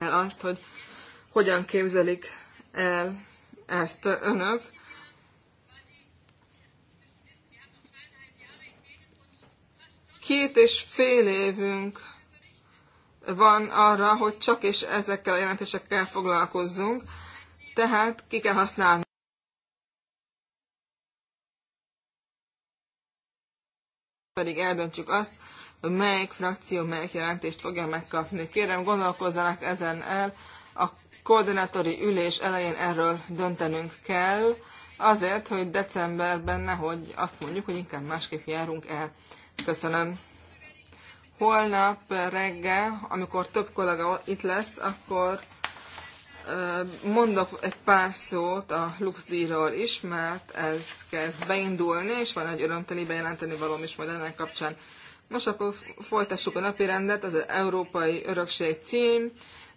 el azt, hogy hogyan képzelik el ezt önök. Két és fél évünk van arra, hogy csak és ezekkel a jelentésekkel foglalkozzunk, tehát ki kell használni. pedig eldöntjük azt, melyik frakció melyik jelentést fogja megkapni. Kérem, gondolkozzanak ezen el. A koordinátori ülés elején erről döntenünk kell, azért, hogy decemberben nehogy azt mondjuk, hogy inkább másképp járunk el. Köszönöm. Holnap reggel, amikor több kollega itt lesz, akkor mondok egy pár szót a LuxDíjról is, mert ez kezd beindulni, és van egy örömteli bejelenteni valóm is majd ennek kapcsán. Most akkor folytassuk a napi rendet, az Európai Örökség cím.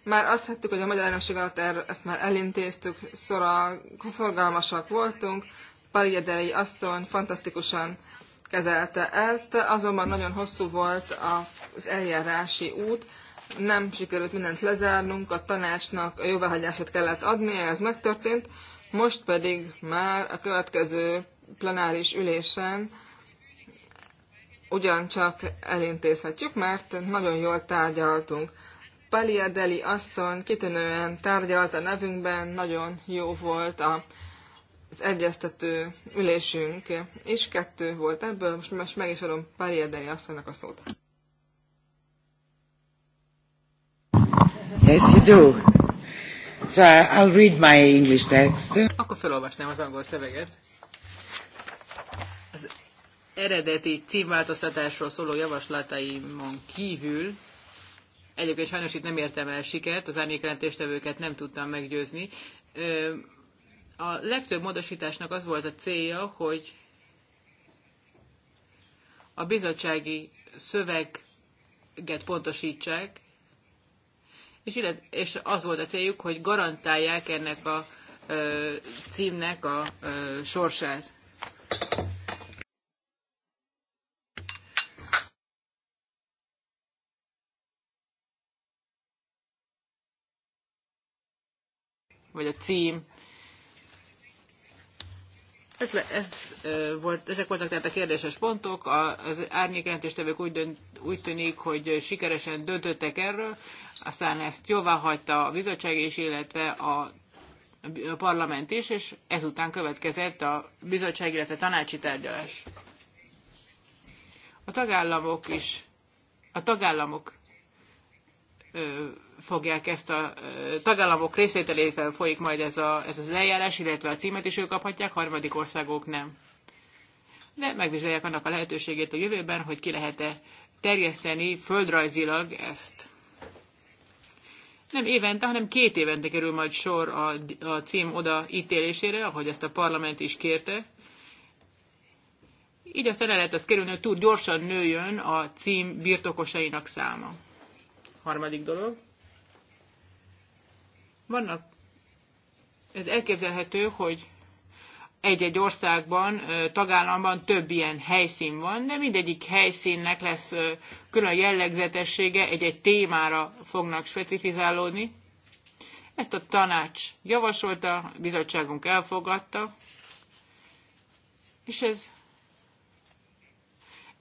Már azt hettük, hogy a magyar elnökség alatt er, ezt már elintéztük, szorag, szorgalmasak voltunk. Paliedeli asszony fantasztikusan kezelte ezt, azonban nagyon hosszú volt az eljárási út, nem sikerült mindent lezárnunk, a tanácsnak a jóváhagyását kellett adni, ez megtörtént, most pedig már a következő plenáris ülésen ugyancsak elintézhetjük, mert nagyon jól tárgyaltunk. Palia Deli asszony kitűnően tárgyalt a nevünkben, nagyon jó volt a, az egyeztető ülésünk, és kettő volt ebből, most, most meg is adom Palia Deli asszonynak a szót. Yes, you do. So I'll read my English text. Akkor felolvasnám az angol szöveget eredeti címváltoztatásról szóló javaslataimon kívül, egyébként sajnos itt nem értem el sikert, az árnyékelentéstevőket nem tudtam meggyőzni, a legtöbb módosításnak az volt a célja, hogy a bizottsági szöveget pontosítsák, és, illet, és az volt a céljuk, hogy garantálják ennek a ö, címnek a ö, sorsát. vagy a cím. Ez, le, ez volt, ezek voltak tehát a kérdéses pontok. Az árnyékjelentéstevők úgy, dönt, úgy tűnik, hogy sikeresen döntöttek erről, aztán ezt jóvá hagyta a bizottság is, illetve a a parlament is, és ezután következett a bizottság, illetve tanácsi tárgyalás. A tagállamok is, a tagállamok fogják ezt a tagállamok részvételével folyik majd ez, a, ez az eljárás, illetve a címet is ők kaphatják, harmadik országok nem. De megvizsgálják annak a lehetőségét a jövőben, hogy ki lehet-e terjeszteni földrajzilag ezt. Nem évente, hanem két évente kerül majd sor a, a cím odaítélésére, ahogy ezt a parlament is kérte. Így aztán el lehet az kerülni, hogy túl gyorsan nőjön a cím birtokosainak száma. Harmadik dolog. Vannak, ez elképzelhető, hogy egy-egy országban, tagállamban több ilyen helyszín van, de mindegyik helyszínnek lesz külön jellegzetessége, egy-egy témára fognak specifizálódni. Ezt a tanács javasolta, a bizottságunk elfogadta, és ez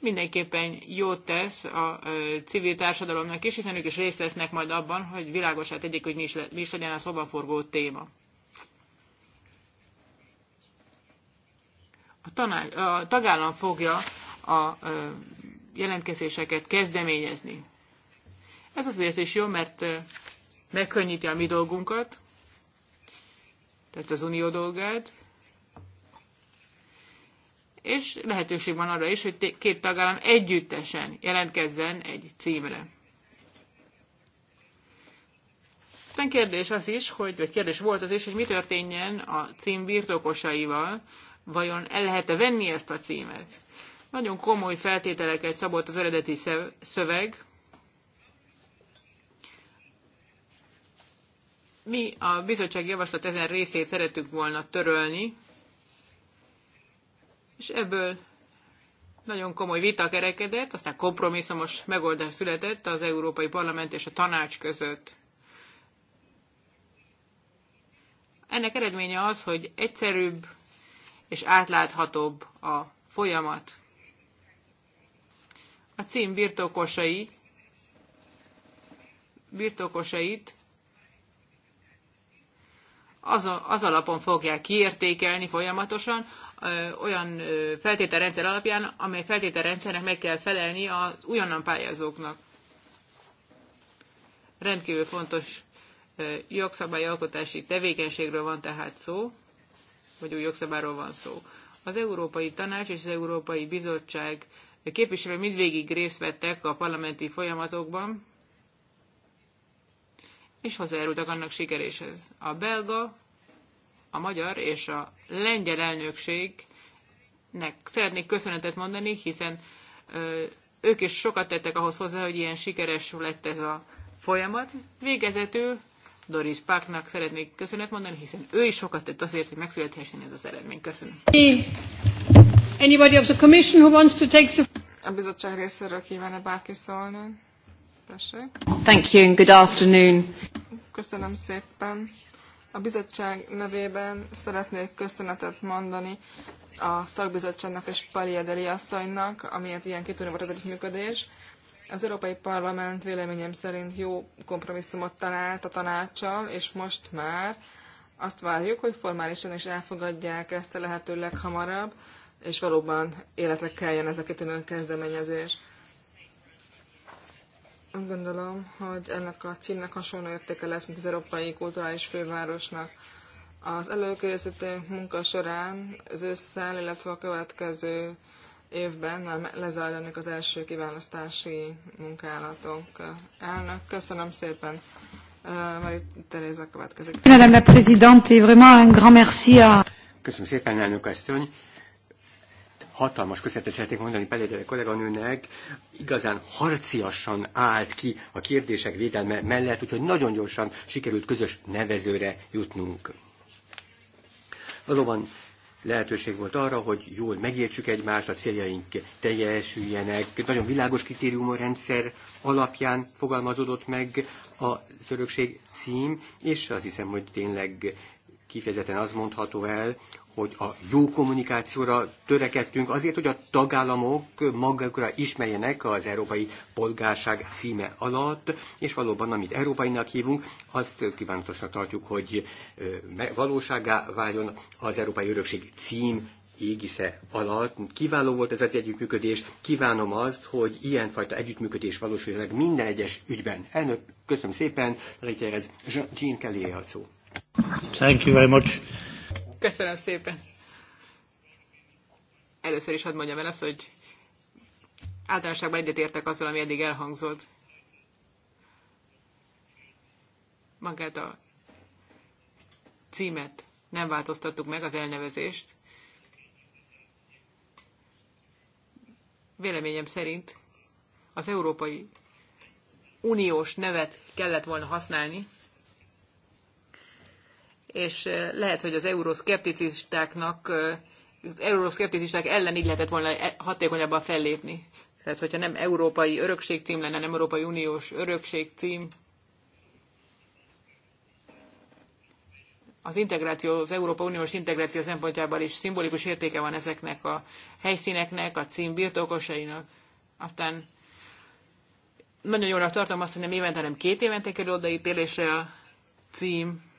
mindenképpen jót tesz a civil társadalomnak is, hiszen ők is részt vesznek majd abban, hogy világosát tegyék, hogy mi is, le, mi is legyen a szobaforgó téma. A, tanály, a tagállam fogja a jelentkezéseket kezdeményezni. Ez azért is jó, mert megkönnyíti a mi dolgunkat, tehát az unió dolgát, és lehetőség van arra is, hogy két tagállam együttesen jelentkezzen egy címre. Aztán kérdés az is, hogy, vagy kérdés volt az is, hogy mi történjen a cím birtokosaival, vajon el lehet-e venni ezt a címet. Nagyon komoly feltételeket szabott az eredeti szöveg. Mi a bizottság javaslat ezen részét szerettük volna törölni, és ebből nagyon komoly vita kerekedett, aztán kompromisszumos megoldás született az Európai Parlament és a Tanács között. Ennek eredménye az, hogy egyszerűbb és átláthatóbb a folyamat. A cím birtokosai, birtokosait az, az alapon fogják kiértékelni folyamatosan, olyan feltételrendszer alapján, amely feltételrendszernek meg kell felelni az újonnan pályázóknak. Rendkívül fontos jogszabályalkotási tevékenységről van tehát szó, vagy új jogszabályról van szó. Az Európai Tanács és az Európai Bizottság képviselő mindvégig részt vettek a parlamenti folyamatokban, és hozzájárultak annak sikeréshez. A belga, a magyar és a lengyel elnökségnek szeretnék köszönetet mondani, hiszen ők is sokat tettek ahhoz hozzá, hogy ilyen sikeres lett ez a folyamat. Végezetül Doris Páknak szeretnék köszönet mondani, hiszen ő is sokat tett azért, hogy megszülethessen ez az eredmény. Köszönöm. Anybody of the commission who wants to take the... A bizottság részéről kívánok bárki szólni? Tessék. Thank you and good afternoon. Köszönöm szépen. A bizottság nevében szeretnék köszönetet mondani a szakbizottságnak és Paliadeli asszonynak, amiért ilyen kitűnő volt az együttműködés. Az Európai Parlament véleményem szerint jó kompromisszumot talált a tanácssal, és most már azt várjuk, hogy formálisan is elfogadják ezt a lehető leghamarabb, és valóban életre kelljen ez a kitűnő kezdeményezés. Azt gondolom, hogy ennek a címnek hasonló értéke lesz, mint az Európai Kulturális Fővárosnak. Az előkészítő munka során az ősszel, illetve a következő évben lezajlanak az első kiválasztási munkálatok. Elnök, köszönöm szépen. marie a következik. Madame la Présidente, et vraiment un grand merci à... Köszönöm szépen, elnök asszony hatalmas köszönetet szeretnék mondani Peléder kolléganőnek, igazán harciasan állt ki a kérdések védelme mellett, úgyhogy nagyon gyorsan sikerült közös nevezőre jutnunk. Valóban lehetőség volt arra, hogy jól megértsük egymást, a céljaink teljesüljenek. Nagyon világos kritériumrendszer alapján fogalmazódott meg a örökség cím, és azt hiszem, hogy tényleg kifejezetten az mondható el, hogy a jó kommunikációra törekedtünk azért, hogy a tagállamok magukra ismerjenek az európai polgárság címe alatt, és valóban, amit európainak hívunk, azt kívánatosnak tartjuk, hogy valóságá váljon az Európai Örökség cím égisze alatt. Kiváló volt ez az együttműködés, kívánom azt, hogy ilyenfajta együttműködés valósuljon meg minden egyes ügyben. Elnök, köszönöm szépen, Réterez, Jean Kelly a szó. Thank you very much. Köszönöm szépen. Először is hadd mondjam el azt, hogy általánosságban egyetértek azzal, ami eddig elhangzott. Magát a címet nem változtattuk meg, az elnevezést. Véleményem szerint az Európai Uniós nevet kellett volna használni, és lehet, hogy az euroszkepticistáknak, az euroszkepticisták ellen így lehetett volna e, hatékonyabban fellépni. Tehát, hogyha nem európai örökségcím lenne, nem Európai Uniós örökségcím, az integráció, az Európa Uniós integráció szempontjából is szimbolikus értéke van ezeknek a helyszíneknek, a cím birtokosainak. Aztán nagyon jónak tartom azt, hogy nem évente, hanem két évente kerül odaítélésre a cím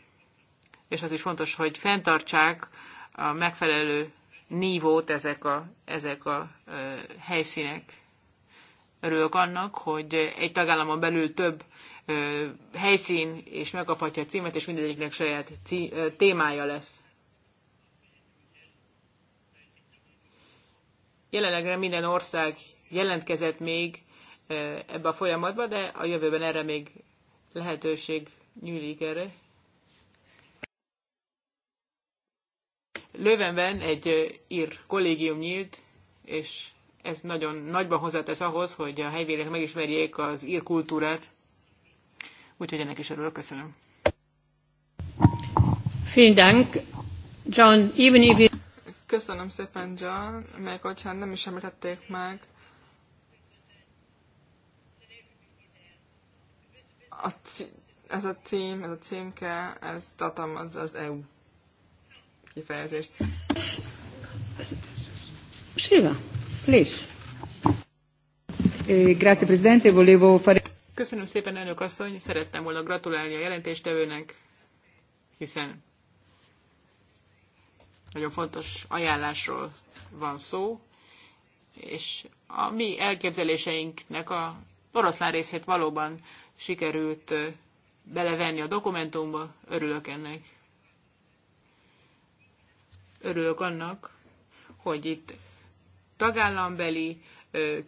és az is fontos, hogy fenntartsák a megfelelő nívót ezek a, ezek a ö, helyszínek. Örülök annak, hogy egy tagállamon belül több ö, helyszín és megkaphatja a címet, és mindegyiknek saját cí, ö, témája lesz. Jelenleg minden ország jelentkezett még ebbe a folyamatba, de a jövőben erre még lehetőség nyúlik erre. Lövenben egy ír kollégium nyílt, és ez nagyon nagyban hozzátesz ahhoz, hogy a helyvérek megismerjék az ír kultúrát. Úgyhogy ennek is örülök, köszönöm. Vielen Dank, John. Even if Köszönöm szépen, John, meg hogyha nem is említették meg. A cí- ez a cím, ez a címke, ez tartalmazza az, az e EU kifejezést. Siva, please. Eh, Köszönöm szépen, elnök asszony. Szerettem volna gratulálni a jelentéstevőnek, hiszen nagyon fontos ajánlásról van szó, és a mi elképzeléseinknek a oroszlán részét valóban sikerült eh, belevenni a dokumentumba, örülök ennek. Örülök annak, hogy itt tagállambeli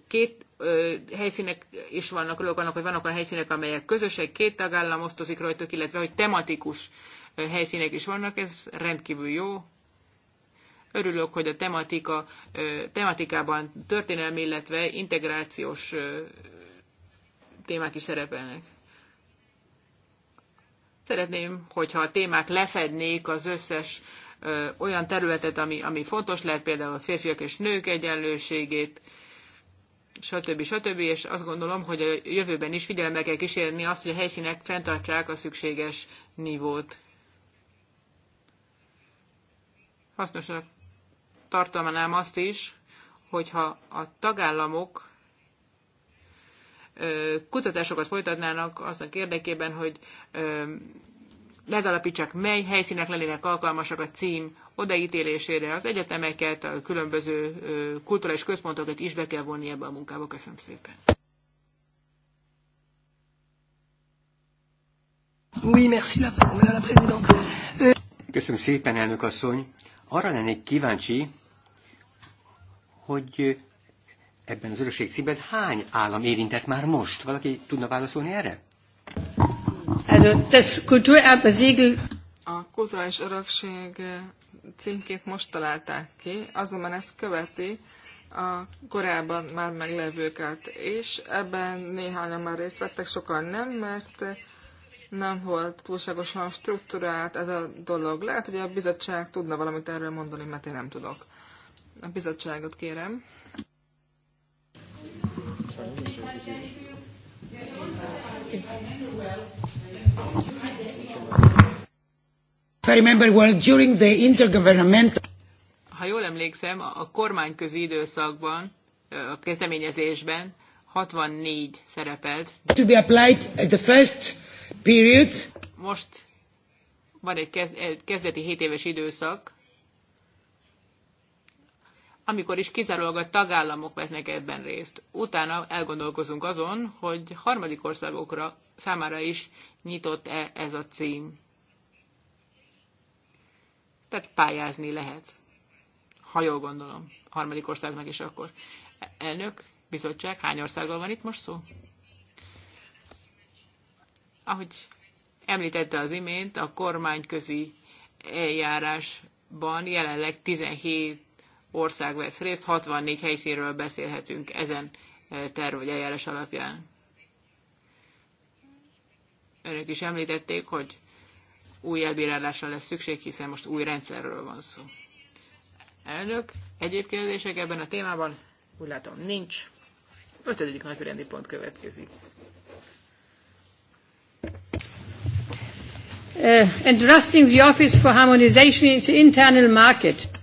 két helyszínek is vannak, örülök annak, hogy vannak olyan helyszínek, amelyek közösek, két tagállam osztozik rajtuk, illetve hogy tematikus helyszínek is vannak, ez rendkívül jó. Örülök, hogy a tematika, tematikában történelmi, illetve integrációs témák is szerepelnek. Szeretném, hogyha a témák lefednék az összes ö, olyan területet, ami, ami fontos lehet, például a férfiak és nők egyenlőségét, stb. stb. És azt gondolom, hogy a jövőben is figyelembe kell kísérni azt, hogy a helyszínek fenntartsák a szükséges nívót. Hasznosnak tartalmanám azt is, hogyha a tagállamok kutatásokat folytatnának aznak érdekében, hogy megalapítsák, mely helyszínek lennének alkalmasak a cím odaítélésére. Az egyetemeket, a különböző kulturális központokat is be kell vonni ebbe a munkába. Köszönöm szépen. Euh, Köszönöm szépen, elnök asszony. Arra lennék kíváncsi, hogy ebben az örökség címben hány állam érintett már most? Valaki tudna válaszolni erre? Also das Kulturerbe Siegel. A kulturális örökség címkét most találták ki, azonban ezt követi a korábban már meglevőket, és ebben néhányan már részt vettek, sokan nem, mert nem volt túlságosan struktúrált ez a dolog. Lehet, hogy a bizottság tudna valamit erről mondani, mert én nem tudok. A bizottságot kérem. Köszönöm. Ha jól emlékszem, a kormányközi időszakban, a kezdeményezésben 64 szerepelt. To be applied at the first period. Most van egy kezdeti 7 éves időszak, amikor is kizárólag a tagállamok vesznek ebben részt. Utána elgondolkozunk azon, hogy harmadik országokra számára is nyitott-e ez a cím. Tehát pályázni lehet. Ha jól gondolom, harmadik országnak is akkor. Elnök, bizottság, hány országgal van itt most szó? Ahogy említette az imént, a kormányközi eljárásban jelenleg 17 ország vesz részt, 64 helyszínről beszélhetünk ezen eh, terv vagy eljárás alapján. Önök is említették, hogy új elbírálásra lesz szükség, hiszen most új rendszerről van szó. Elnök, egyéb kérdések ebben a témában úgy látom nincs. Ötödik napirendi pont következik. Uh, entrusting the Office for Harmonization into Internal Market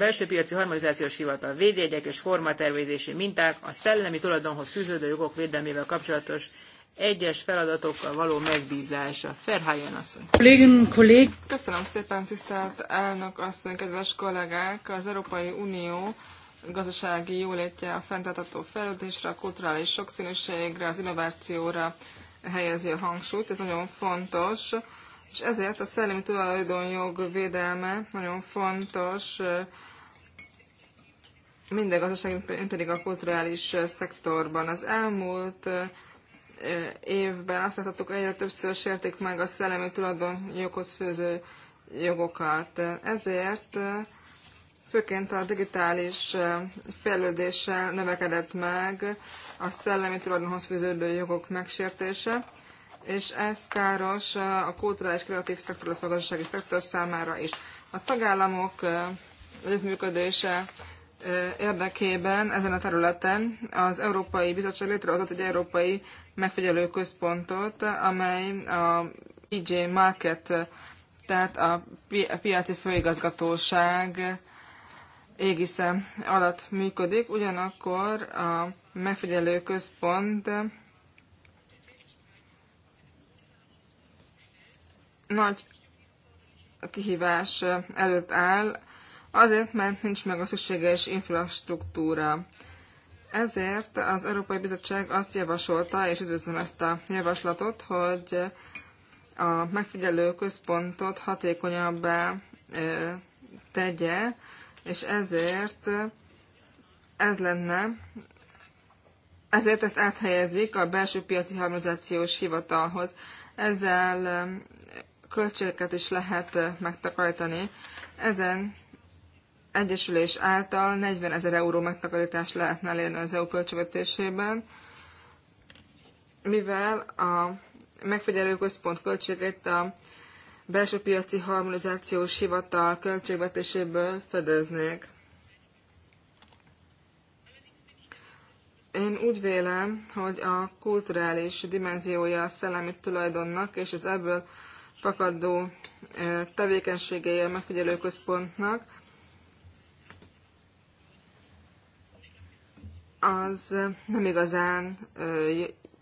belső piaci harmonizációs hivatal, védjegyek és formatervezési minták, a szellemi tulajdonhoz fűződő jogok védelmével kapcsolatos egyes feladatokkal való megbízása. Ferháján asszony. Kollégum, kollég. Köszönöm szépen, tisztelt elnök asszony, kedves kollégák! Az Európai Unió gazdasági jólétje a fenntartató fejlődésre, a kulturális sokszínűségre, az innovációra helyezi a hangsúlyt. Ez nagyon fontos, és ezért a szellemi tulajdonjog védelme nagyon fontos minden gazdaság, pedig a kulturális szektorban. Az elmúlt évben azt láthattuk, egyre többször sértik meg a szellemi tulajdonjoghoz főző jogokat. Ezért főként a digitális fejlődéssel növekedett meg a szellemi tulajdonhoz fűződő jogok megsértése, és ez káros a kulturális kreatív szektor, illetve a gazdasági szektor számára is. A tagállamok együttműködése érdekében ezen a területen az Európai Bizottság létrehozott egy Európai Megfigyelő Központot, amely a EJ Market, tehát a piaci főigazgatóság égisze alatt működik, ugyanakkor a megfigyelő központ nagy kihívás előtt áll, azért, mert nincs meg a szükséges infrastruktúra. Ezért az Európai Bizottság azt javasolta, és üdvözlöm ezt a javaslatot, hogy a megfigyelő központot hatékonyabbá tegye, és ezért ez lenne, ezért ezt áthelyezik a belső piaci harmonizációs hivatalhoz. Ezzel költségeket is lehet megtakarítani. Ezen egyesülés által 40 ezer euró megtakarítást lehetne elérni az EU költségvetésében, mivel a megfigyelő központ költségét a belső piaci harmonizációs hivatal költségvetéséből fedeznék. Én úgy vélem, hogy a kulturális dimenziója a szellemi tulajdonnak és az ebből fakadó eh, tevékenységei a megfigyelőközpontnak az nem igazán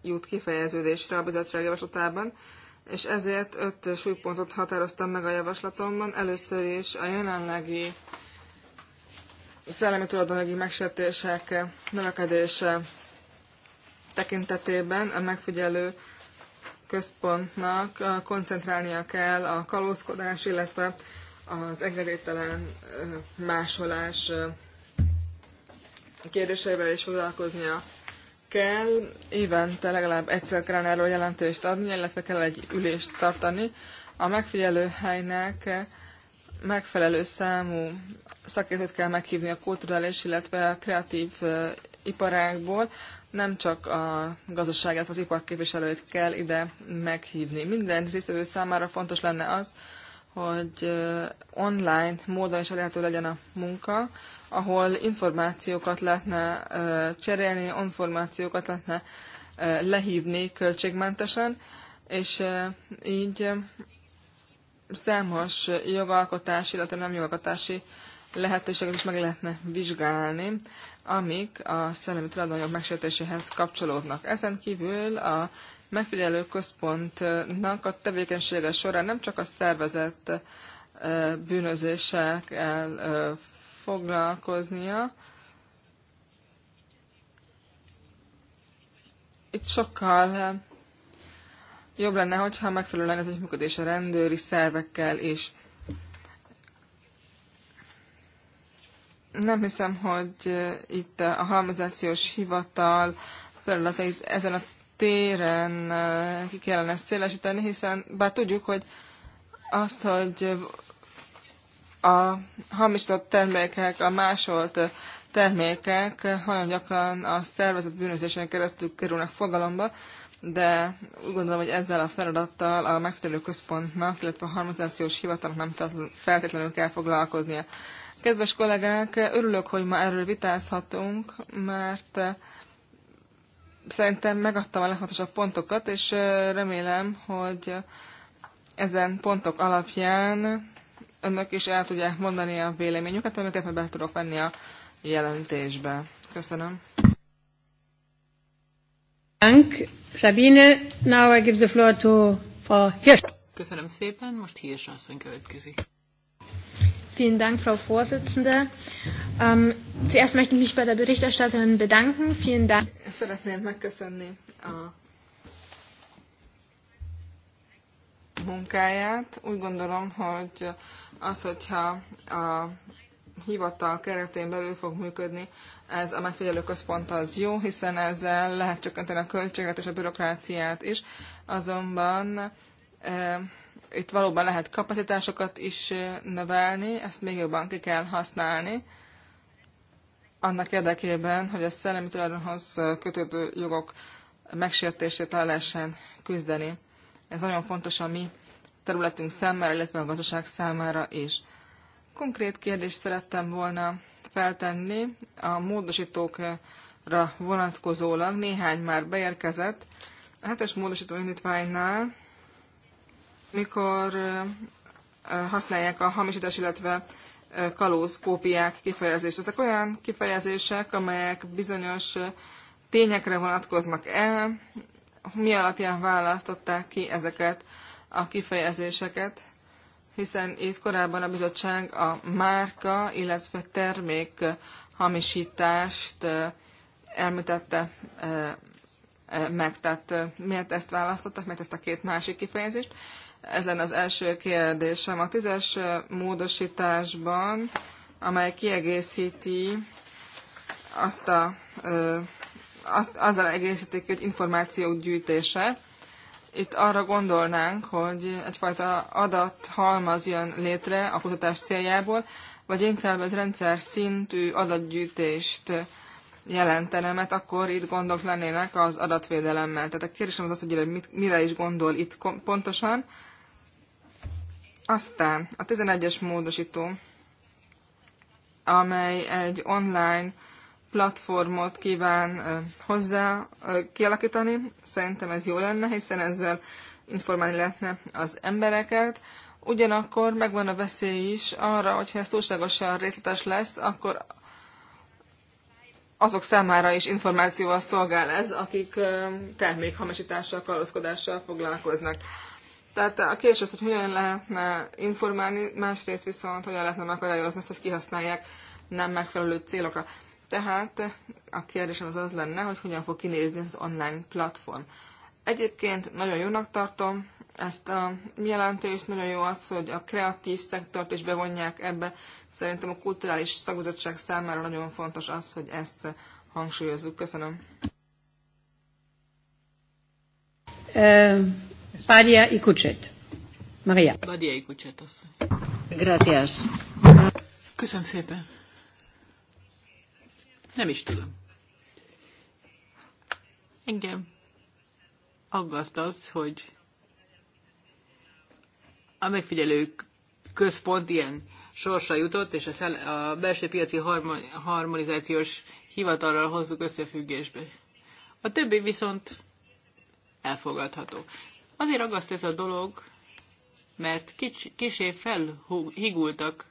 jut kifejeződésre a bizottság javaslatában, és ezért öt súlypontot határoztam meg a javaslatomban. Először is a jelenlegi szellemi tulajdonjogi megsértések növekedése tekintetében a megfigyelő központnak koncentrálnia kell a kalózkodás, illetve az engedélytelen másolás kérdéseivel is foglalkoznia kell. Évente legalább egyszer kell erről jelentést adni, illetve kell egy ülést tartani. A megfigyelő helynek megfelelő számú szakértőt kell meghívni a kulturális, illetve a kreatív iparágból, nem csak a gazdaságát, az iparképviselőit kell ide meghívni. Minden részvevő számára fontos lenne az, hogy online módon is lehető legyen a munka, ahol információkat lehetne cserélni, információkat lehetne lehívni költségmentesen, és így számos jogalkotási, illetve nem jogalkotási lehetőséget is meg lehetne vizsgálni, amik a szellemi tulajdonjog megsértéséhez kapcsolódnak. Ezen kívül a megfigyelő központnak a tevékenysége során nem csak a szervezett bűnözések foglalkoznia. Itt sokkal eh, jobb lenne, hogyha megfelelő lenne az működés a rendőri szervekkel és Nem hiszem, hogy eh, itt a harmonizációs hivatal feladatait ezen a téren eh, ki kellene szélesíteni, hiszen bár tudjuk, hogy azt, hogy a hamisított termékek, a másolt termékek nagyon gyakran a szervezet bűnözésen keresztül kerülnek fogalomba, de úgy gondolom, hogy ezzel a feladattal a megfelelő központnak, illetve a harmonizációs hivatalnak nem feltétlenül kell foglalkoznia. Kedves kollégák, örülök, hogy ma erről vitázhatunk, mert szerintem megadtam a legfontosabb pontokat, és remélem, hogy ezen pontok alapján önök is el tudják mondani a véleményüket, amiket meg be tudok venni a jelentésbe. Köszönöm. Sabine. Now I give the floor to Frau Hirsch. Köszönöm szépen, most Hirsch asszony következik. Vielen Dank, Frau Vorsitzende. Um, zuerst möchte ich mich bei der Berichterstatterin bedanken. Vielen Dank. Szeretném megköszönni a munkáját. Úgy gondolom, hogy az, hogyha a hivatal keretén belül fog működni, ez a megfigyelő központ az jó, hiszen ezzel lehet csökkenteni a költséget és a bürokráciát is, azonban e, itt valóban lehet kapacitásokat is e, növelni, ezt még jobban ki kell használni, annak érdekében, hogy a szellemi tulajdonhoz kötődő jogok megsértését le lehessen küzdeni. Ez nagyon fontos a mi területünk számára, illetve a gazdaság számára is. Konkrét kérdést szerettem volna feltenni a módosítókra vonatkozólag. Néhány már beérkezett. A hetes módosító indítványnál, mikor használják a hamisítás, illetve kalóz kópiák kifejezést. Ezek olyan kifejezések, amelyek bizonyos tényekre vonatkoznak el, mi alapján választották ki ezeket a kifejezéseket, hiszen itt korábban a bizottság a márka, illetve termék hamisítást elmítette meg. Tehát miért ezt választottak, mert ezt a két másik kifejezést? Ez lenne az első kérdésem. A tízes módosításban, amely kiegészíti azt a azt, azzal egészítik, hogy információk gyűjtése. Itt arra gondolnánk, hogy egyfajta adathalmaz jön létre a kutatás céljából, vagy inkább ez rendszer szintű adatgyűjtést jelentene, mert akkor itt gondok lennének az adatvédelemmel. Tehát a kérdésem az az, hogy mit, mire is gondol itt pontosan. Aztán a 11-es módosító, amely egy online platformot kíván hozzá kialakítani. Szerintem ez jó lenne, hiszen ezzel informálni lehetne az embereket. Ugyanakkor megvan a veszély is arra, hogyha ez túlságosan részletes lesz, akkor azok számára is információval szolgál ez, akik termékhamisítással, kalózkodással foglalkoznak. Tehát a kérdés az, hogy hogyan lehetne informálni, másrészt viszont hogyan lehetne megakadályozni, hogy ezt kihasználják nem megfelelő célokra. Tehát a kérdésem az az lenne, hogy hogyan fog kinézni az online platform. Egyébként nagyon jónak tartom ezt a jelentést, nagyon jó az, hogy a kreatív szektort is bevonják ebbe. Szerintem a kulturális szakbizottság számára nagyon fontos az, hogy ezt hangsúlyozzuk. Köszönöm. uh, Ikucset. Maria. Pária Ikucset Gracias. Köszönöm szépen. Nem is tudom. Engem aggaszt az, hogy a megfigyelők központ ilyen sorsa jutott, és a, belső piaci harmonizációs hivatalral hozzuk összefüggésbe. A többi viszont elfogadható. Azért aggaszt ez a dolog, mert kicsi, kisé felhigultak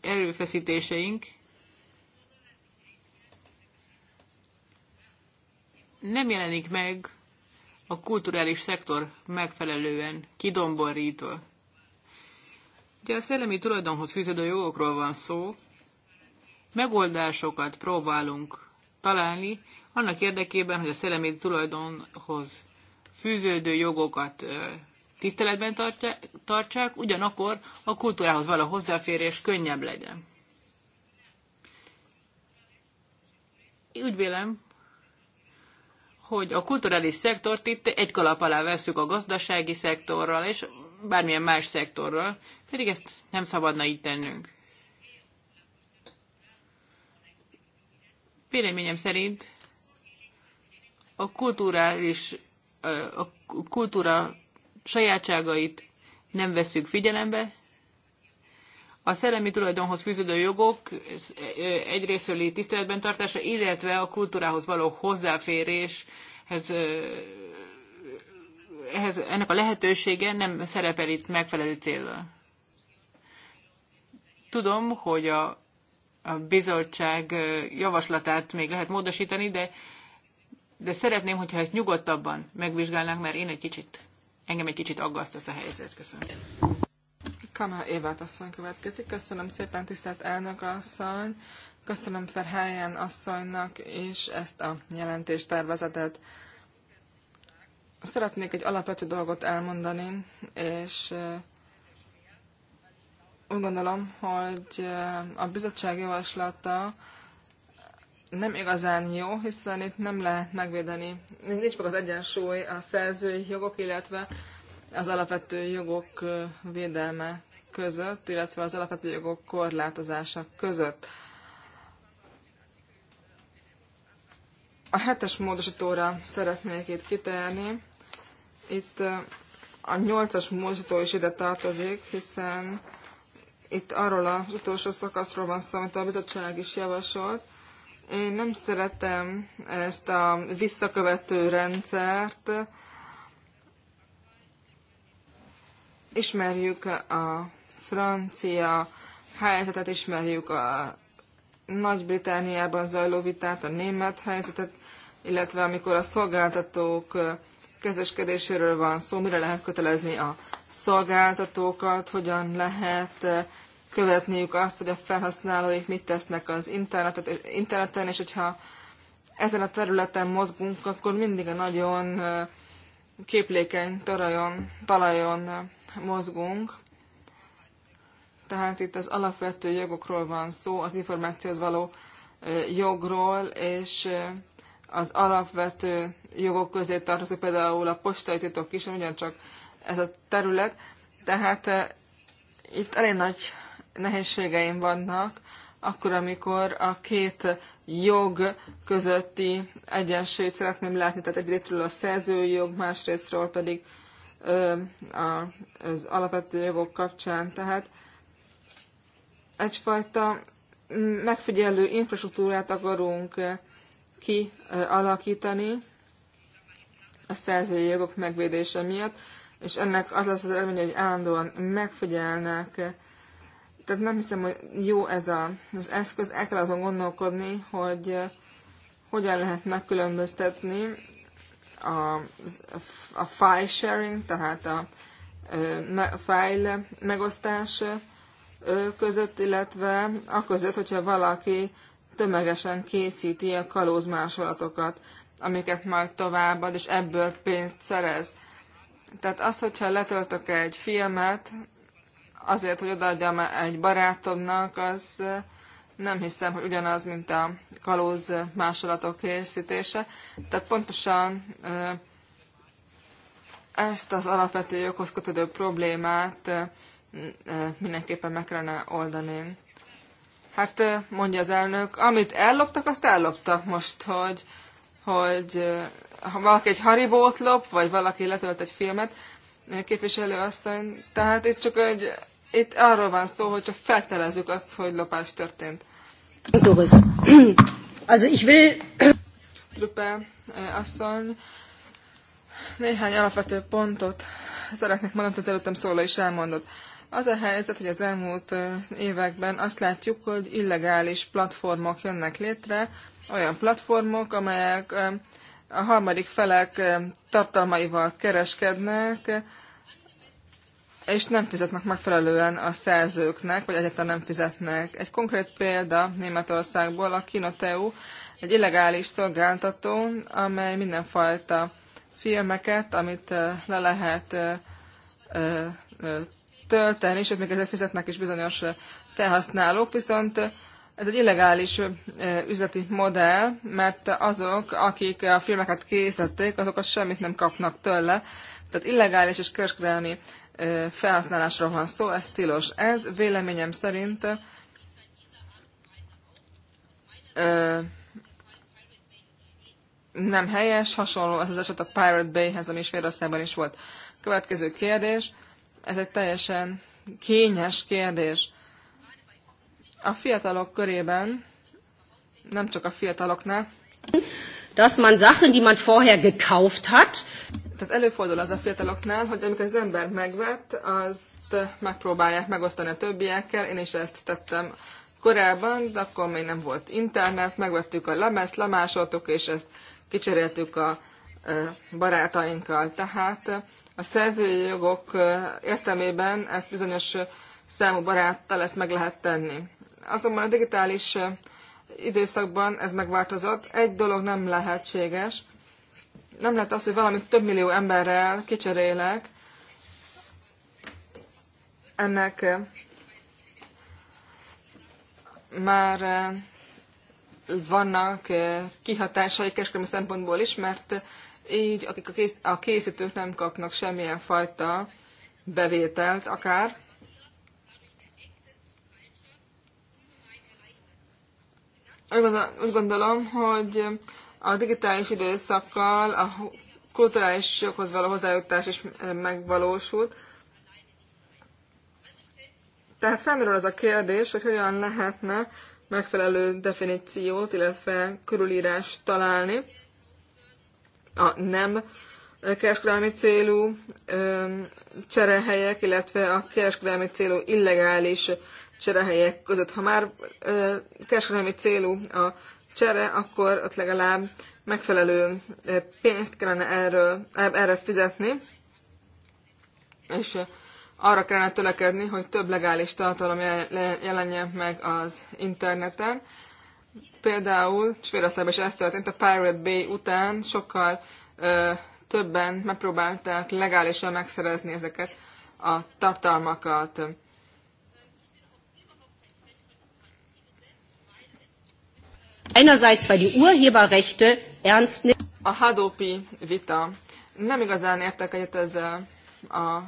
erőfeszítéseink, nem jelenik meg a kulturális szektor megfelelően kidomborítva. Ugye a szellemi tulajdonhoz fűződő jogokról van szó, megoldásokat próbálunk találni annak érdekében, hogy a szellemi tulajdonhoz fűződő jogokat tiszteletben tartsák, ugyanakkor a kultúrához való hozzáférés könnyebb legyen. Úgy vélem, hogy a kulturális szektort itt egy kalap alá veszük a gazdasági szektorral és bármilyen más szektorral, pedig ezt nem szabadna így tennünk. Véleményem szerint a kulturális, a kultúra sajátságait nem veszük figyelembe, a szellemi tulajdonhoz fűződő jogok egyrésztől tiszteletben tartása, illetve a kultúrához való ez, ehhez, ennek a lehetősége nem szerepel itt megfelelő célra. Tudom, hogy a, a bizottság javaslatát még lehet módosítani, de, de szeretném, hogyha ezt nyugodtabban megvizsgálnánk, mert én egy kicsit, engem egy kicsit aggaszt ez a helyzet. Köszönöm. Kamala Évát asszony következik. Köszönöm szépen, tisztelt elnök asszony. Köszönöm Ferhelyen asszonynak és ezt a jelentéstervezetet. Szeretnék egy alapvető dolgot elmondani, és úgy gondolom, hogy a bizottság javaslata nem igazán jó, hiszen itt nem lehet megvédeni, nincs meg az egyensúly a szerzői jogok, illetve az alapvető jogok védelme között, illetve az alapvető jogok korlátozása között. A hetes módosítóra szeretnék itt kitérni. Itt a nyolcas módosító is ide tartozik, hiszen itt arról az utolsó szakaszról van szó, amit a bizottság is javasolt. Én nem szeretem ezt a visszakövető rendszert. Ismerjük a francia helyzetet ismerjük, a Nagy-Britániában zajló vitát, a német helyzetet, illetve amikor a szolgáltatók kezeskedéséről van szó, mire lehet kötelezni a szolgáltatókat, hogyan lehet követniük azt, hogy a felhasználóik mit tesznek az interneten, és hogyha ezen a területen mozgunk, akkor mindig a nagyon képlékeny talajon, talajon mozgunk tehát itt az alapvető jogokról van szó, az információhoz való jogról, és az alapvető jogok közé tartozik például a postai titok is, ugyancsak ez a terület. Tehát itt elég nagy nehézségeim vannak, akkor, amikor a két jog közötti egyensúlyt szeretném látni, tehát egyrésztről a szerzői jog, másrésztről pedig az alapvető jogok kapcsán. Tehát egyfajta mm, megfigyelő infrastruktúrát akarunk eh, kialakítani a szerzői jogok megvédése miatt, és ennek az lesz az eredmény, hogy állandóan megfigyelnek. Tehát nem hiszem, hogy jó ez a, az eszköz, el kell azon gondolkodni, hogy eh, hogyan lehet megkülönböztetni a, a file sharing, tehát a, a eh, file megosztás között, illetve a között, hogyha valaki tömegesen készíti a kalózmásolatokat, amiket majd továbbad, és ebből pénzt szerez. Tehát az, hogyha letöltök egy filmet, azért, hogy odaadjam egy barátomnak, az nem hiszem, hogy ugyanaz, mint a kalóz másolatok készítése. Tehát pontosan ezt az alapvető joghoz kötődő problémát mindenképpen meg kellene oldani. Hát mondja az elnök, amit elloptak, azt elloptak most, hogy, hogy ha valaki egy haribót lop, vagy valaki letölt egy filmet, képviselő asszony, tehát itt csak egy, itt arról van szó, hogy csak feltelezzük azt, hogy lopás történt. Also ich will... Truppe asszony, néhány alapvető pontot szeretnék mondani, az előttem szóló is elmondott. Az a helyzet, hogy az elmúlt években azt látjuk, hogy illegális platformok jönnek létre, olyan platformok, amelyek a harmadik felek tartalmaival kereskednek, és nem fizetnek megfelelően a szerzőknek, vagy egyáltalán nem fizetnek. Egy konkrét példa Németországból a Kinoteu, egy illegális szolgáltató, amely mindenfajta filmeket, amit le lehet tölteni, sőt, még ezek fizetnek is bizonyos felhasználók, viszont ez egy illegális üzleti modell, mert azok, akik a filmeket készítették, azokat semmit nem kapnak tőle. Tehát illegális és kereskedelmi felhasználásról van szó, ez tilos. Ez véleményem szerint nem helyes, hasonló az az eset a Pirate Bay-hez, ami is is volt. Következő kérdés ez egy teljesen kényes kérdés. A fiatalok körében, nem csak a fiataloknál, dass man Sachen, die man vorher gekauft hat, tehát előfordul az a fiataloknál, hogy amit az ember megvett, azt megpróbálják megosztani a többiekkel. Én is ezt tettem korábban, de akkor még nem volt internet, megvettük a lemezt, lemásoltuk, és ezt kicseréltük a barátainkkal. Tehát a szerzői jogok értelmében ezt bizonyos számú baráttal ezt meg lehet tenni. Azonban a digitális időszakban ez megváltozott. Egy dolog nem lehetséges. Nem lehet az, hogy valamit több millió emberrel kicserélek. Ennek már vannak kihatásai kereskedelmi szempontból is, mert így akik a, kész, a készítők nem kapnak semmilyen fajta bevételt akár. Úgy gondolom, úgy gondolom hogy a digitális időszakkal a kulturális joghoz való hozzájutás is megvalósult. Tehát felmerül az a kérdés, hogy hogyan lehetne megfelelő definíciót, illetve körülírást találni a nem kereskedelmi célú cserehelyek, illetve a kereskedelmi célú illegális cserehelyek között. Ha már kereskedelmi célú a csere, akkor ott legalább megfelelő pénzt kellene erről, erre fizetni, és arra kellene törekedni, hogy több legális tartalom jelenjen meg az interneten, Például Svédországban is ez történt, a Pirate Bay után sokkal ö, többen megpróbálták legálisan megszerezni ezeket a tartalmakat. Einerseits, weil die Urheberrechte ernst A Hadopi vita. Nem igazán értek egyet ezzel a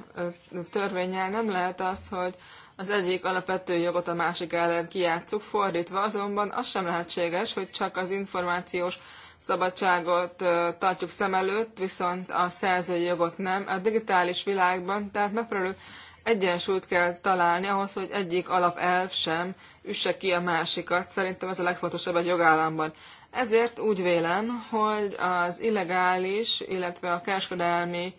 törvényel. Nem lehet az, hogy az egyik alapvető jogot a másik ellen kiátszuk, fordítva azonban az sem lehetséges, hogy csak az információs szabadságot tartjuk szem előtt, viszont a szerzői jogot nem. A digitális világban tehát megfelelő egyensúlyt kell találni ahhoz, hogy egyik alapelv sem üsse ki a másikat. Szerintem ez a legfontosabb egy jogállamban. Ezért úgy vélem, hogy az illegális, illetve a kereskedelmi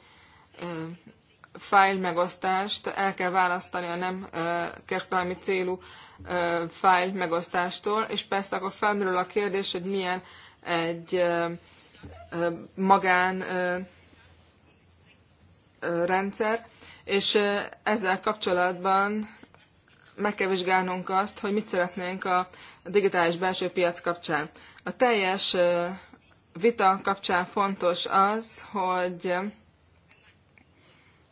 fájl megosztást el kell választani a nem kereskedelmi célú fájl megosztástól, és persze akkor felmerül a kérdés, hogy milyen egy magán rendszer, és ezzel kapcsolatban meg kell vizsgálnunk azt, hogy mit szeretnénk a digitális belső piac kapcsán. A teljes vita kapcsán fontos az, hogy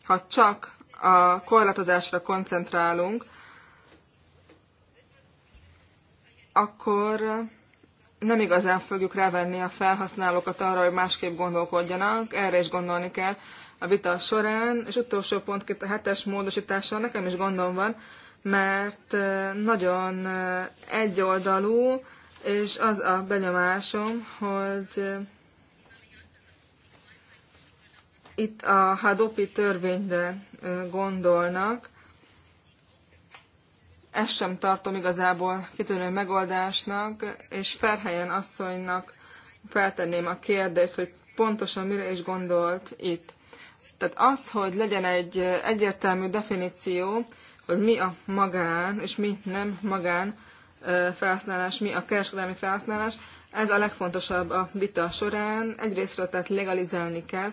ha csak a korlátozásra koncentrálunk, akkor nem igazán fogjuk rávenni a felhasználókat arra, hogy másképp gondolkodjanak, erre is gondolni kell a vita során, és utolsó pontként a hetes módosítással nekem is gondom van, mert nagyon egyoldalú, és az a benyomásom, hogy itt a Hadopi törvényre gondolnak. Ezt sem tartom igazából kitűnő megoldásnak, és Ferhelyen asszonynak feltenném a kérdést, hogy pontosan mire is gondolt itt. Tehát az, hogy legyen egy egyértelmű definíció, hogy mi a magán, és mi nem magán felhasználás, mi a kereskedelmi felhasználás, ez a legfontosabb a vita során. Egyrésztről tehát legalizálni kell,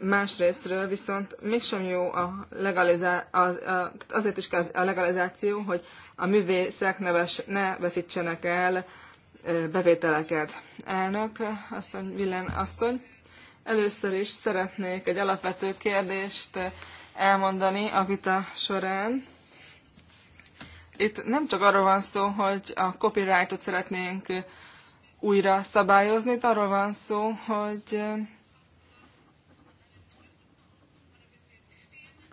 másrésztről viszont mégsem jó a legalizá- az, a, azért is kell a legalizáció, hogy a művészek ne, ves, ne veszítsenek el bevételeket. Elnök, asszony, Villen asszony, először is szeretnék egy alapvető kérdést elmondani a vita során. Itt nem csak arról van szó, hogy a copyrightot szeretnénk újra szabályozni, itt arról van szó, hogy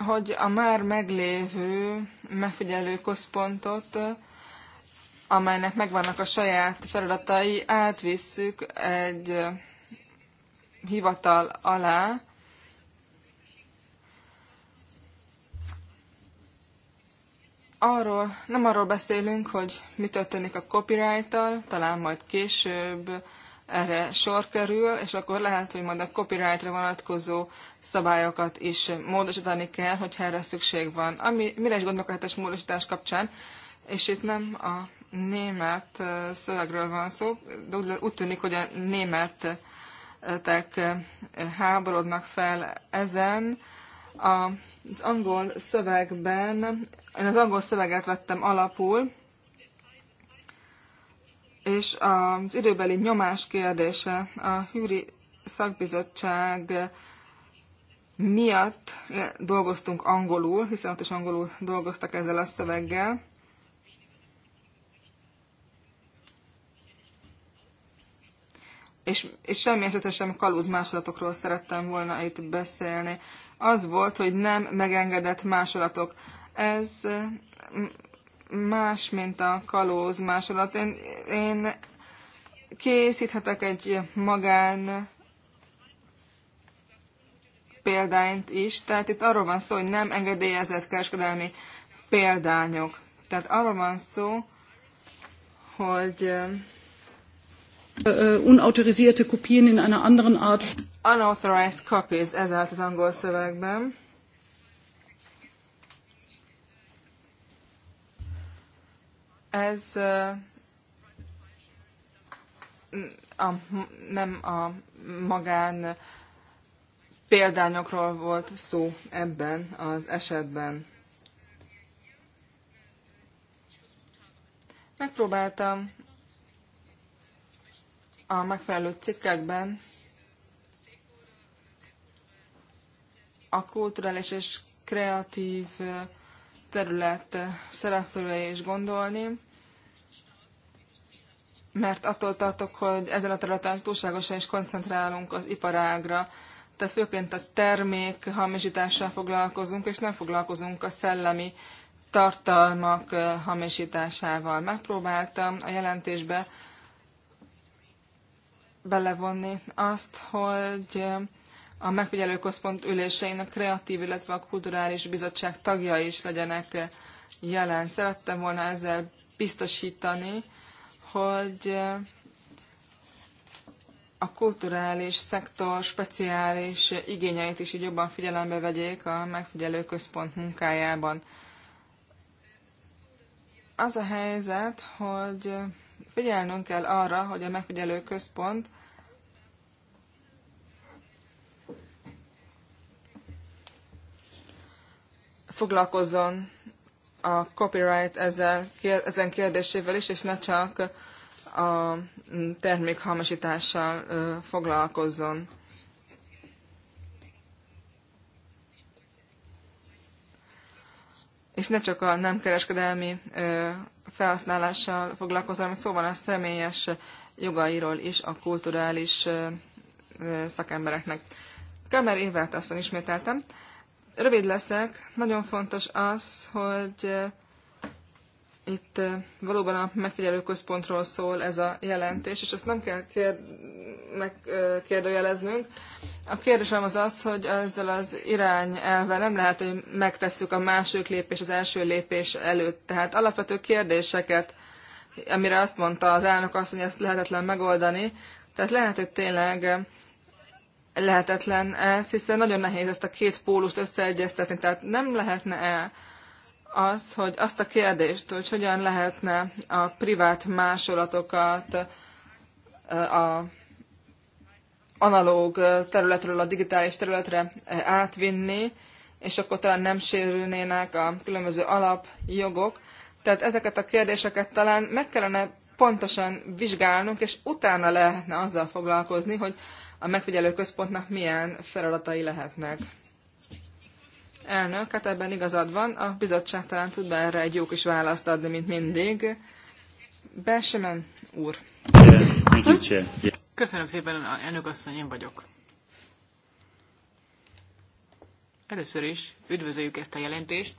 hogy a már meglévő megfigyelő központot, amelynek megvannak a saját feladatai, átvisszük egy hivatal alá, arról, nem arról beszélünk, hogy mi történik a copyright-tal, talán majd később erre sor kerül, és akkor lehet, hogy majd a copyrightra vonatkozó szabályokat is módosítani kell, hogy erre szükség van. Ami, mire is hetes módosítás kapcsán, és itt nem a német szövegről van szó, de úgy, úgy tűnik, hogy a németek háborodnak fel ezen. az angol szövegben, én az angol szöveget vettem alapul, és az időbeli nyomás kérdése a hűri szakbizottság miatt dolgoztunk angolul, hiszen ott is angolul dolgoztak ezzel a szöveggel. És, és semmi esetre sem kalúz másolatokról szerettem volna itt beszélni. Az volt, hogy nem megengedett másolatok. Ez más, mint a kalóz másolat. Én, én készíthetek egy magán példányt is, tehát itt arról van szó, hogy nem engedélyezett kereskedelmi példányok. Tehát arról van szó, hogy unautorisierte Kopien in einer anderen Art. Unauthorized copies, ez állt az angol szövegben. Ez a, nem a magán példányokról volt szó ebben az esetben. Megpróbáltam a megfelelő cikkekben a kulturális és kreatív terület szereplője is gondolni, mert attól tartok, hogy ezen a területen túlságosan is koncentrálunk az iparágra, tehát főként a termék hamisítással foglalkozunk, és nem foglalkozunk a szellemi tartalmak hamisításával. Megpróbáltam a jelentésbe belevonni azt, hogy a megfigyelőközpont ülésein a kreatív, illetve a kulturális bizottság tagja is legyenek eh, jelen. Szerettem volna ezzel biztosítani, hogy eh, a kulturális szektor speciális igényeit is így jobban figyelembe vegyék a megfigyelőközpont munkájában. Az a helyzet, hogy eh, figyelnünk kell arra, hogy a megfigyelőközpont központ foglalkozzon a copyright ezzel, ezen kérdésével is, és ne csak a termék hamisítással foglalkozzon. És ne csak a nem kereskedelmi felhasználással foglalkozzon, hanem szóval a személyes jogairól is a kulturális szakembereknek. Kamer Évelt azt ismételtem. Rövid leszek. Nagyon fontos az, hogy eh, itt eh, valóban a megfigyelőközpontról szól ez a jelentés, és ezt nem kell kér, megkérdőjeleznünk. Eh, a kérdésem az az, hogy ezzel az irány elve nem lehet, hogy megtesszük a második lépés az első lépés előtt. Tehát alapvető kérdéseket, amire azt mondta az elnök azt, hogy ezt lehetetlen megoldani. Tehát lehet, hogy tényleg lehetetlen ez, hiszen nagyon nehéz ezt a két pólust összeegyeztetni, tehát nem lehetne-e az, hogy azt a kérdést, hogy hogyan lehetne a privát másolatokat eh, a analóg területről a digitális területre eh, átvinni, és akkor talán nem sérülnének a különböző alapjogok. Tehát ezeket a kérdéseket talán meg kellene pontosan vizsgálnunk, és utána lehetne azzal foglalkozni, hogy a megfigyelő központnak milyen feladatai lehetnek. Elnök, hát ebben igazad van, a bizottság talán tud erre egy jó kis választ adni, mint mindig. Belsemen úr. Köszönöm szépen, elnök asszony, én vagyok. Először is üdvözöljük ezt a jelentést.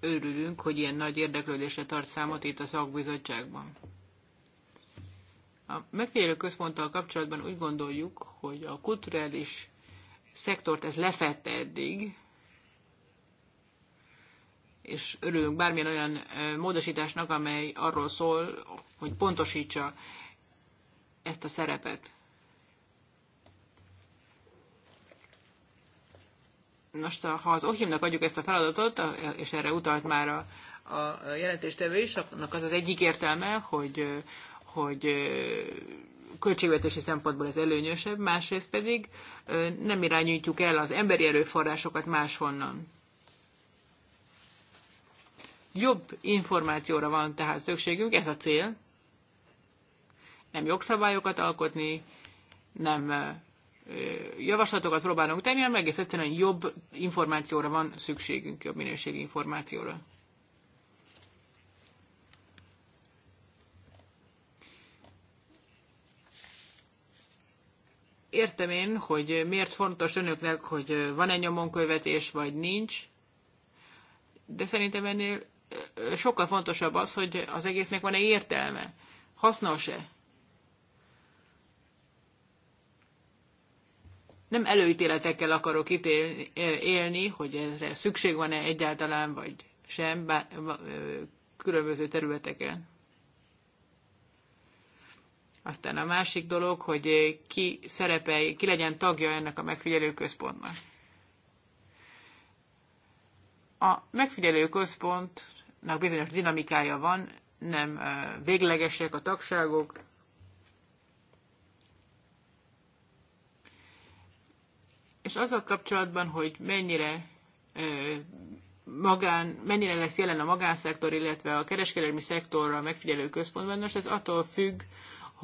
Örülünk, hogy ilyen nagy érdeklődésre tart számot itt a szakbizottságban. A megfigyelő központtal kapcsolatban úgy gondoljuk, hogy a kulturális szektort ez lefette eddig, és örülünk bármilyen olyan módosításnak, amely arról szól, hogy pontosítsa ezt a szerepet. Most, ha az Ohimnak adjuk ezt a feladatot, és erre utalt már a, a jelentéstevő is, annak az az egyik értelme, hogy hogy költségvetési szempontból ez előnyösebb, másrészt pedig nem irányítjuk el az emberi erőforrásokat máshonnan. Jobb információra van tehát szükségünk, ez a cél. Nem jogszabályokat alkotni, nem javaslatokat próbálunk tenni, hanem egész egyszerűen jobb információra van szükségünk, jobb minőségi információra. értem én, hogy miért fontos önöknek, hogy van-e nyomonkövetés, vagy nincs, de szerintem ennél sokkal fontosabb az, hogy az egésznek van-e értelme, hasznos-e. Nem előítéletekkel akarok itt élni, hogy ezre szükség van-e egyáltalán, vagy sem, bár, különböző területeken. Aztán a másik dolog, hogy ki szerepelj, ki legyen tagja ennek a megfigyelő központnak. A megfigyelő központnak bizonyos dinamikája van, nem véglegesek a tagságok, és azzal kapcsolatban, hogy mennyire magán, mennyire lesz jelen a magánszektor, illetve a kereskedelmi a megfigyelő központban, most ez attól függ,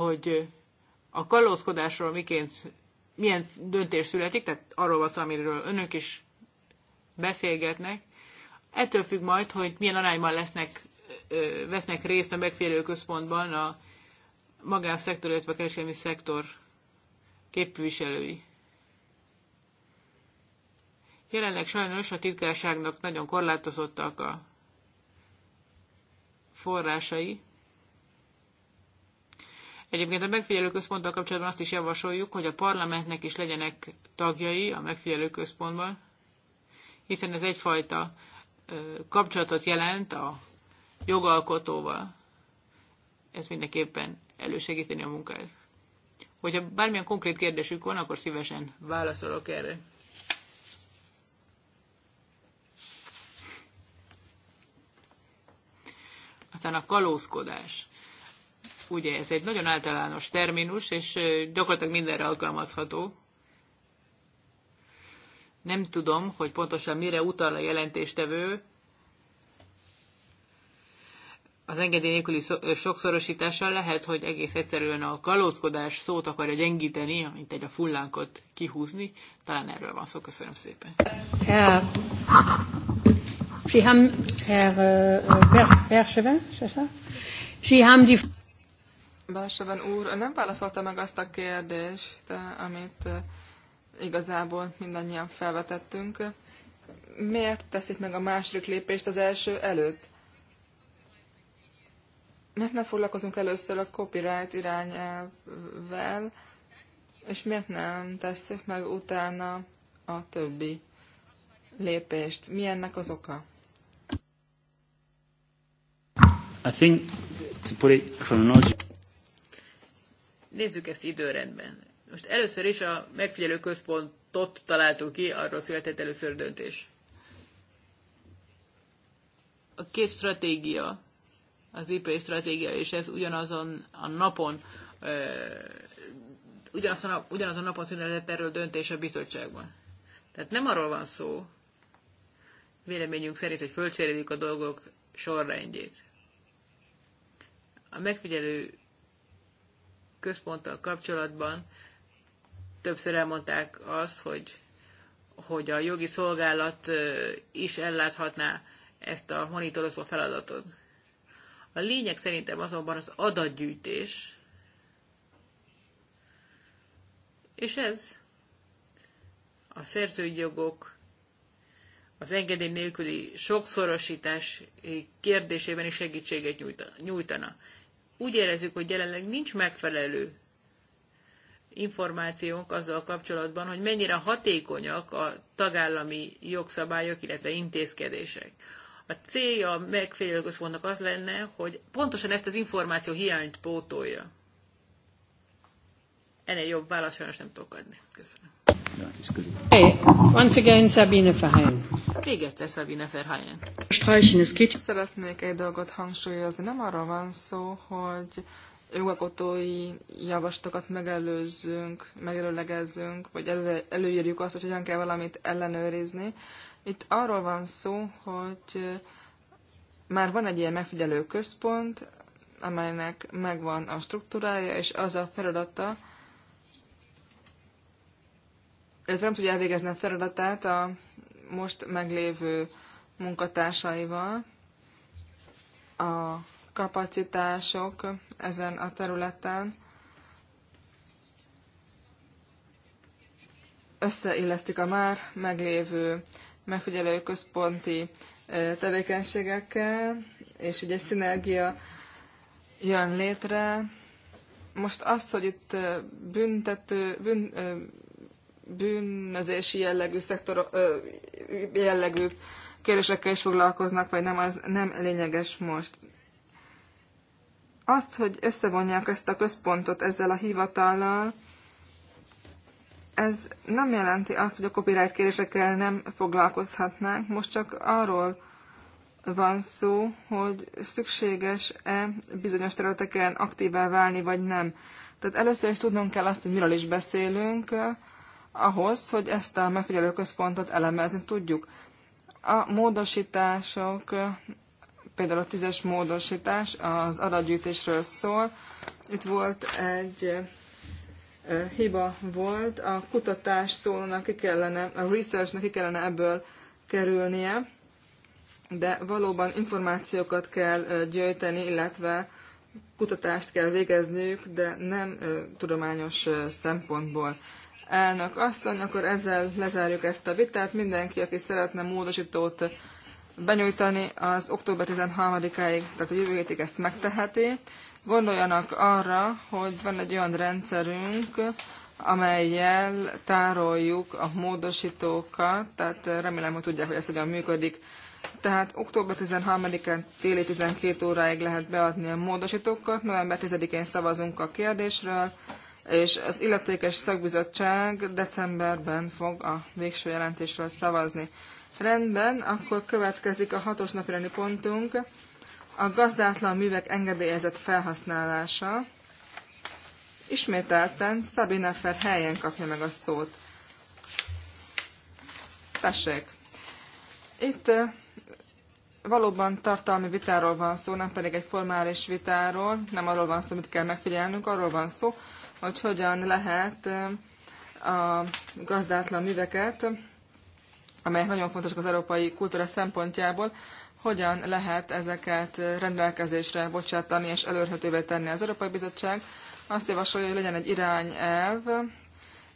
hogy a kalózkodásról miként, milyen döntés születik, tehát arról van amiről önök is beszélgetnek. Ettől függ majd, hogy milyen arányban lesznek, vesznek részt a megfélő központban a magánszektor, illetve a kereskedelmi szektor képviselői. Jelenleg sajnos a titkárságnak nagyon korlátozottak a forrásai, Egyébként a megfigyelő központtal kapcsolatban azt is javasoljuk, hogy a parlamentnek is legyenek tagjai a megfigyelő központban, hiszen ez egyfajta kapcsolatot jelent a jogalkotóval. Ez mindenképpen elősegíteni a munkáját. Hogyha bármilyen konkrét kérdésük van, akkor szívesen válaszolok erre. Aztán a kalózkodás ugye ez egy nagyon általános terminus, és gyakorlatilag mindenre alkalmazható. Nem tudom, hogy pontosan mire utal a jelentéstevő, az engedély nélküli sokszorosítással lehet, hogy egész egyszerűen a kalózkodás szót akarja gyengíteni, mint egy a fullánkot kihúzni. Talán erről van szó. Köszönöm szépen. Sie haben, Herr äh, Sie haben die Belseven úr nem válaszolta meg azt a kérdést, amit eh, igazából mindannyian felvetettünk. Miért teszik meg a második lépést az első előtt? Miért nem foglalkozunk először a copyright irányával, és miért nem tesszük meg utána a többi lépést? Mi ennek az oka? I think to put it from an Nézzük ezt időrendben. Most először is a megfigyelő központot találtuk ki, arról született először döntés. A két stratégia, az IP stratégia, és ez ugyanazon a napon, ugyanazon a, ugyanazon a napon született erről döntés a bizottságban. Tehát nem arról van szó, véleményünk szerint, hogy fölcseréljük a dolgok sorrendjét. A megfigyelő központtal kapcsolatban többször elmondták azt, hogy, hogy a jogi szolgálat is elláthatná ezt a monitorozó feladatot. A lényeg szerintem azonban az adatgyűjtés, és ez a jogok, az engedély nélküli sokszorosítás kérdésében is segítséget nyújtana úgy érezzük, hogy jelenleg nincs megfelelő információnk azzal kapcsolatban, hogy mennyire hatékonyak a tagállami jogszabályok, illetve intézkedések. A célja a megfelelő központnak az lenne, hogy pontosan ezt az információ hiányt pótolja. Ennél jobb választ nem tudok adni. Köszönöm. Hey, once again Sabine Verheyen. Még Sabine Verheyen. Streichen, es geht. Szeretnék egy dolgot hangsúlyozni. Nem arról van szó, hogy jogalkotói javaslatokat megelőzzünk, megelőlegezzünk, vagy elő, előírjuk azt, hogy hogyan kell valamit ellenőrizni. Itt arról van szó, hogy már van egy ilyen megfigyelő központ, amelynek megvan a struktúrája, és az a feladata, illetve nem tudja elvégezni a feladatát a most meglévő munkatársaival. A kapacitások ezen a területen összeillesztik a már meglévő megfigyelő központi e, tevékenységekkel, és ugye szinergia jön létre. Most az, hogy itt e, büntető, bűn, e, bűnözési jellegű, szektor, ö, jellegű kérdésekkel is foglalkoznak, vagy nem, az nem lényeges most. Azt, hogy összevonják ezt a központot ezzel a hivatallal, ez nem jelenti azt, hogy a copyright kérésekkel nem foglalkozhatnánk, most csak arról van szó, hogy szükséges-e bizonyos területeken aktívá válni, vagy nem. Tehát először is tudnunk kell azt, hogy miről is beszélünk, ahhoz, hogy ezt a megfigyelőközpontot elemezni tudjuk. A módosítások, például a tízes módosítás az adatgyűjtésről szól. Itt volt egy hiba volt, a kutatás szónak ki kellene, a researchnek ki kellene ebből kerülnie, de valóban információkat kell gyűjteni, illetve kutatást kell végezniük, de nem tudományos szempontból elnök asszony, akkor ezzel lezárjuk ezt a vitát. Mindenki, aki szeretne módosítót benyújtani, az október 13-áig, tehát a jövő hétig ezt megteheti. Gondoljanak arra, hogy van egy olyan rendszerünk, amelyel tároljuk a módosítókat, tehát remélem, hogy tudják, hogy ez hogyan működik. Tehát október 13-án téli 12 óráig lehet beadni a módosítókat, november 10-én szavazunk a kérdésről, és az illetékes szakbizottság decemberben fog a végső jelentésről szavazni. Rendben, akkor következik a hatos napirendi pontunk, a gazdátlan művek engedélyezett felhasználása. Ismételten Szabina Fer helyen kapja meg a szót. Tessék! Itt valóban tartalmi vitáról van szó, nem pedig egy formális vitáról, nem arról van szó, mit kell megfigyelnünk, arról van szó, hogy hogyan lehet a gazdátlan műveket, amelyek nagyon fontosak az európai kultúra szempontjából, hogyan lehet ezeket rendelkezésre bocsátani és előrhetővé tenni. Az Európai Bizottság azt javasolja, hogy legyen egy irányelv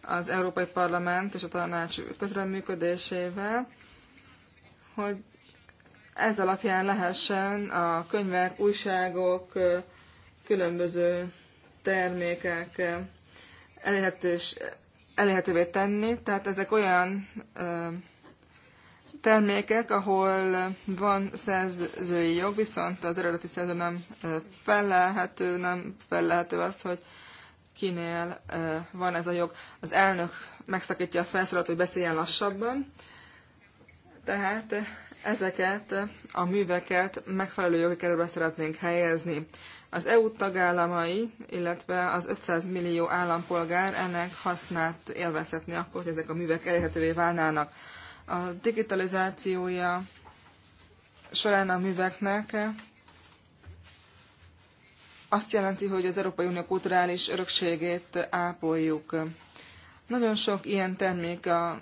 az Európai Parlament és a tanács közreműködésével, hogy ez alapján lehessen a könyvek, újságok, különböző termékek elérhetős, elérhetővé tenni. Tehát ezek olyan termékek, ahol van szerzői jog, viszont az eredeti szerző nem felelhető, nem felelhető az, hogy kinél van ez a jog. Az elnök megszakítja a felszólalót, hogy beszéljen lassabban. Tehát ezeket a műveket megfelelő jogi keretbe szeretnénk helyezni. Az EU tagállamai, illetve az 500 millió állampolgár ennek hasznát élvezhetni akkor, hogy ezek a művek elérhetővé válnának. A digitalizációja során a műveknek azt jelenti, hogy az Európai Unió kulturális örökségét ápoljuk. Nagyon sok ilyen termék a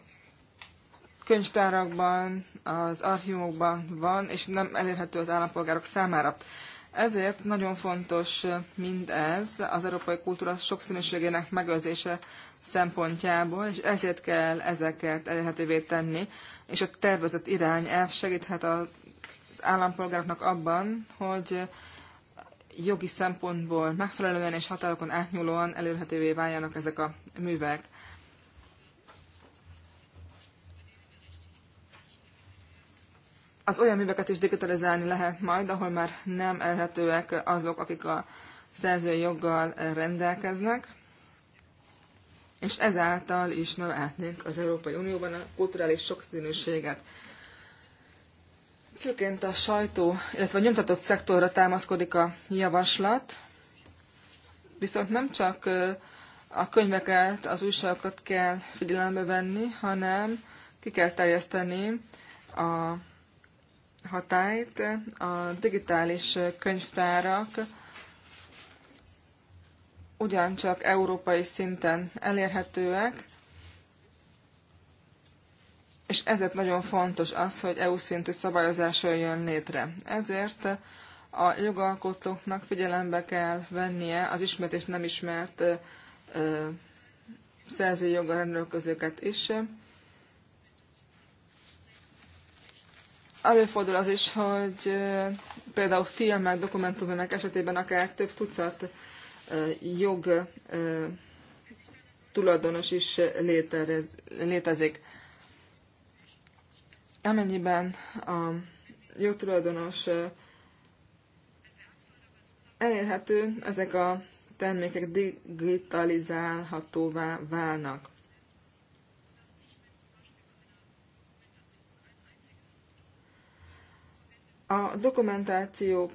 könyvtárakban, az archívumokban van, és nem elérhető az állampolgárok számára. Ezért nagyon fontos mindez az európai kultúra sokszínűségének megőrzése szempontjából, és ezért kell ezeket elérhetővé tenni, és a tervezett irányelv segíthet az állampolgároknak abban, hogy jogi szempontból megfelelően és határokon átnyúlóan elérhetővé váljanak ezek a művek. az olyan műveket is digitalizálni lehet majd, ahol már nem elhetőek azok, akik a szerzői joggal rendelkeznek, és ezáltal is növelhetnénk az Európai Unióban a kulturális sokszínűséget. Főként a sajtó, illetve a nyomtatott szektorra támaszkodik a javaslat, viszont nem csak a könyveket, az újságokat kell figyelembe venni, hanem ki kell terjeszteni a hatályt a digitális könyvtárak ugyancsak európai szinten elérhetőek, és ezért nagyon fontos az, hogy EU szintű szabályozás jön létre. Ezért a jogalkotóknak figyelembe kell vennie az ismert és nem ismert szerzői joga rendelkezőket is. Előfordul az is, hogy például filmek, dokumentumok esetében akár több tucat jog tulajdonos is létezik. Amennyiben a jogtulajdonos elérhető, ezek a termékek digitalizálhatóvá válnak. A dokumentációk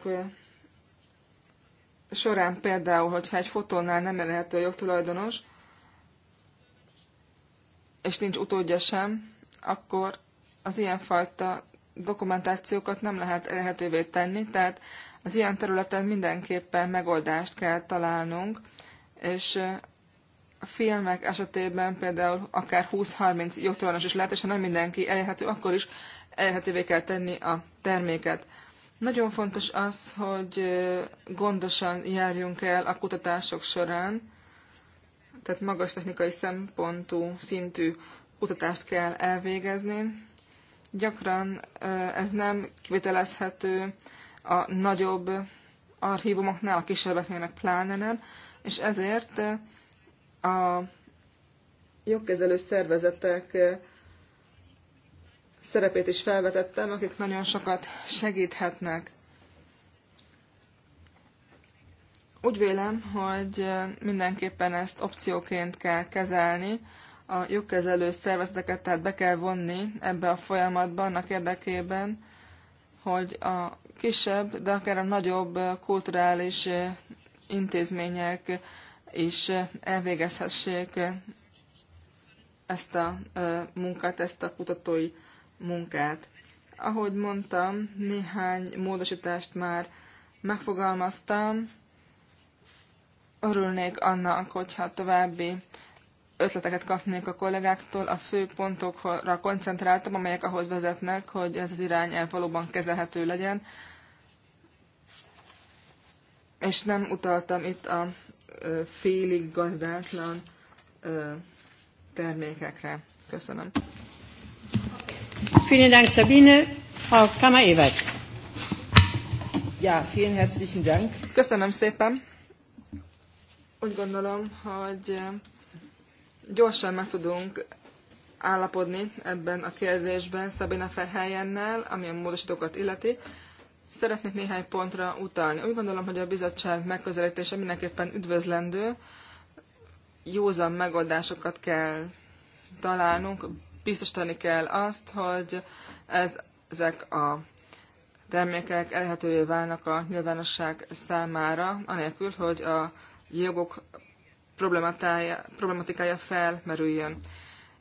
során például, hogyha egy fotónál nem elérhető a jogtulajdonos, és nincs utódja sem, akkor az ilyenfajta dokumentációkat nem lehet elérhetővé tenni, tehát az ilyen területen mindenképpen megoldást kell találnunk, és a filmek esetében például akár 20-30 jogtulajdonos is lehet, és ha nem mindenki elérhető, akkor is elérhetővé kell tenni a terméket. Nagyon fontos az, hogy gondosan járjunk el a kutatások során, tehát magas technikai szempontú szintű kutatást kell elvégezni. Gyakran ez nem kivitelezhető a nagyobb archívumoknál, a kisebbeknél meg pláne nem, és ezért a jogkezelő szervezetek szerepét is felvetettem, akik nagyon sokat segíthetnek. Úgy vélem, hogy mindenképpen ezt opcióként kell kezelni, a jogkezelő szervezeteket tehát be kell vonni ebbe a folyamatba annak érdekében, hogy a kisebb, de akár a nagyobb kulturális intézmények is elvégezhessék ezt a munkát, ezt a kutatói munkát. Ahogy mondtam, néhány módosítást már megfogalmaztam. Örülnék annak, hogyha további ötleteket kapnék a kollégáktól, a fő pontokra koncentráltam, amelyek ahhoz vezetnek, hogy ez az irány valóban kezelhető legyen, és nem utaltam itt a félig gazdátlan termékekre. Köszönöm. Vielen Dank, Sabine. Frau Kammer-Ebert. Ja, vielen herzlichen Dank. Köszönöm szépen. Úgy gondolom, hogy eh, gyorsan meg tudunk állapodni ebben a kérdésben Szabina Ferhelyennel, ami a módosítókat illeti. Szeretnék néhány pontra utalni. Úgy gondolom, hogy a bizottság megközelítése mindenképpen üdvözlendő. Józan megoldásokat kell találnunk, biztosítani kell azt, hogy ez, ezek a termékek elérhetővé válnak a nyilvánosság számára, anélkül, hogy a jogok problematikája felmerüljön.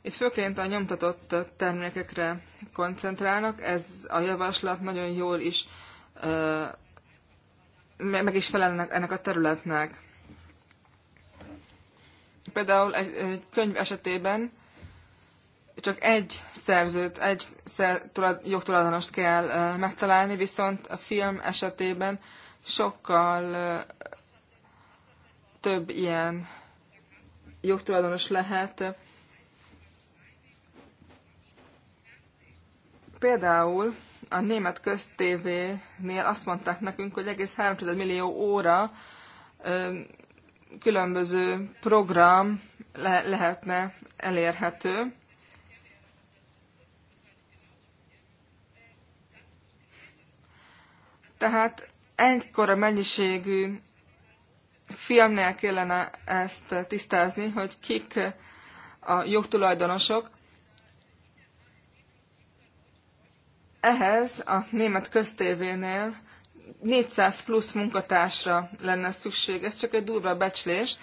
Itt főként a nyomtatott termékekre koncentrálnak, ez a javaslat nagyon jól is meg is felelnek ennek a területnek. Például egy könyv esetében csak egy szerzőt, egy szer, tulaj, jogtulajdonost kell uh, megtalálni, viszont a film esetében sokkal uh, több ilyen jogtulajdonos lehet. Például a német köztévénél azt mondták nekünk, hogy egész 300 millió óra uh, különböző program le- lehetne elérhető Tehát egykora mennyiségű filmnél kellene ezt tisztázni, hogy kik a jogtulajdonosok. Ehhez a német köztévénél 400 plusz munkatársra lenne szükség. Ez csak egy durva becslés,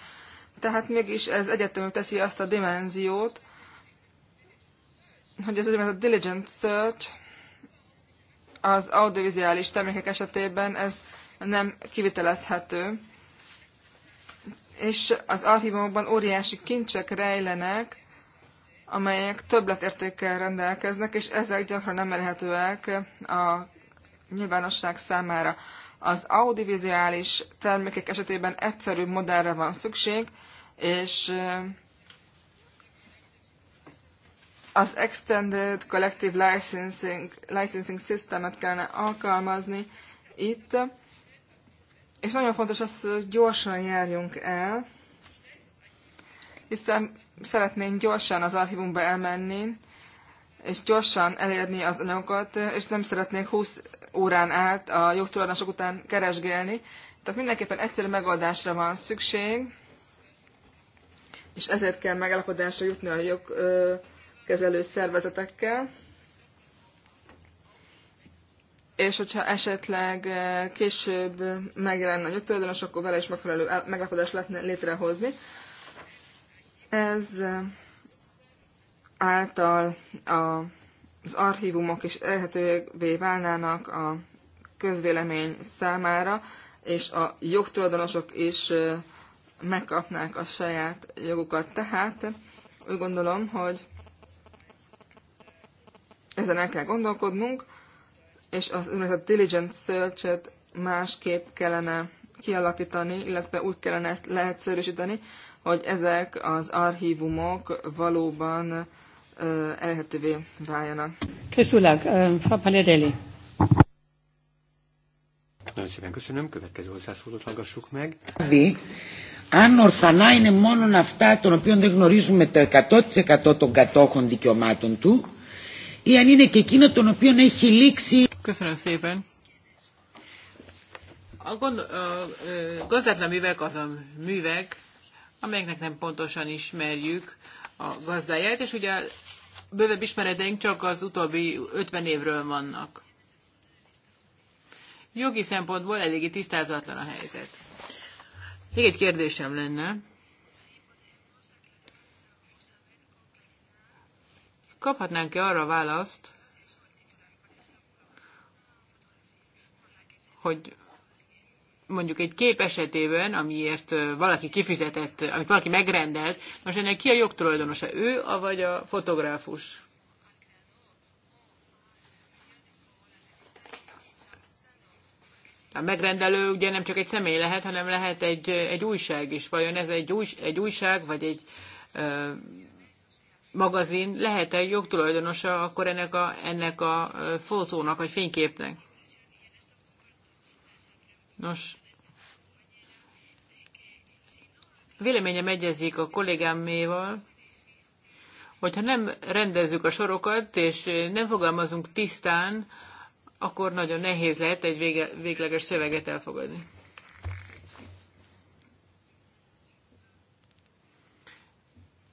tehát mégis ez egyetemű teszi azt a dimenziót, hogy ez a diligent search, az audiovizuális termékek esetében ez nem kivitelezhető. És az archívumokban óriási kincsek rejlenek, amelyek többletértékkel rendelkeznek, és ezek gyakran nem elérhetőek a nyilvánosság számára. Az audiovizuális termékek esetében egyszerű modellre van szükség, és az Extended Collective Licensing, licensing Systemet kellene alkalmazni itt, és nagyon fontos az, hogy gyorsan járjunk el, hiszen szeretnénk gyorsan az archívumba elmenni, és gyorsan elérni az anyagokat, és nem szeretnénk 20 órán át a jogtulajdonosok után keresgélni. Tehát mindenképpen egyszerű megoldásra van szükség, és ezért kell megállapodásra jutni a jog kezelő szervezetekkel, és hogyha esetleg eh, később megjelenne a nyugtulajdonos, akkor vele is megfelelő meglepodást lehetne létrehozni. Ez eh, által a, az archívumok is elhetővé válnának a közvélemény számára, és a jogtulajdonosok is eh, megkapnák a saját jogukat. Tehát úgy gondolom, hogy ezen el kell gondolkodnunk, és az úgynevezett diligent search másképp kellene kialakítani, illetve úgy kellene ezt lehetszerűsíteni, hogy ezek az archívumok valóban elérhetővé váljanak. Köszönöm, Frau Paledelli. Nagyon szépen köszönöm, következő hozzászólót hallgassuk meg. Αν ορφανά είναι μόνο αυτά των οποίων δεν γνωρίζουμε το 100% των κατόχων δικαιωμάτων του, ή είναι και εκείνο τον οποίο έχει λήξει. Köszönöm szépen. A, gond, a gazdátlan művek az a művek, amelyeknek nem pontosan ismerjük a gazdáját, és ugye bővebb ismereteink csak az utóbbi 50 évről vannak. Jogi szempontból eléggé tisztázatlan a helyzet. Még egy kérdésem lenne. Kaphatnánk-e arra választ, hogy mondjuk egy kép esetében, amiért valaki kifizetett, amit valaki megrendelt, most ennek ki a jogtulajdonosa? Ő, vagy a fotográfus? A megrendelő ugye nem csak egy személy lehet, hanem lehet egy, egy újság is. Vajon ez egy, új, egy újság, vagy egy ö, magazin lehet-e jogtulajdonosa akkor ennek a, ennek a fotónak vagy fényképnek? Nos, véleményem egyezik a kollégáméval, hogyha nem rendezzük a sorokat, és nem fogalmazunk tisztán, akkor nagyon nehéz lehet egy vége, végleges szöveget elfogadni.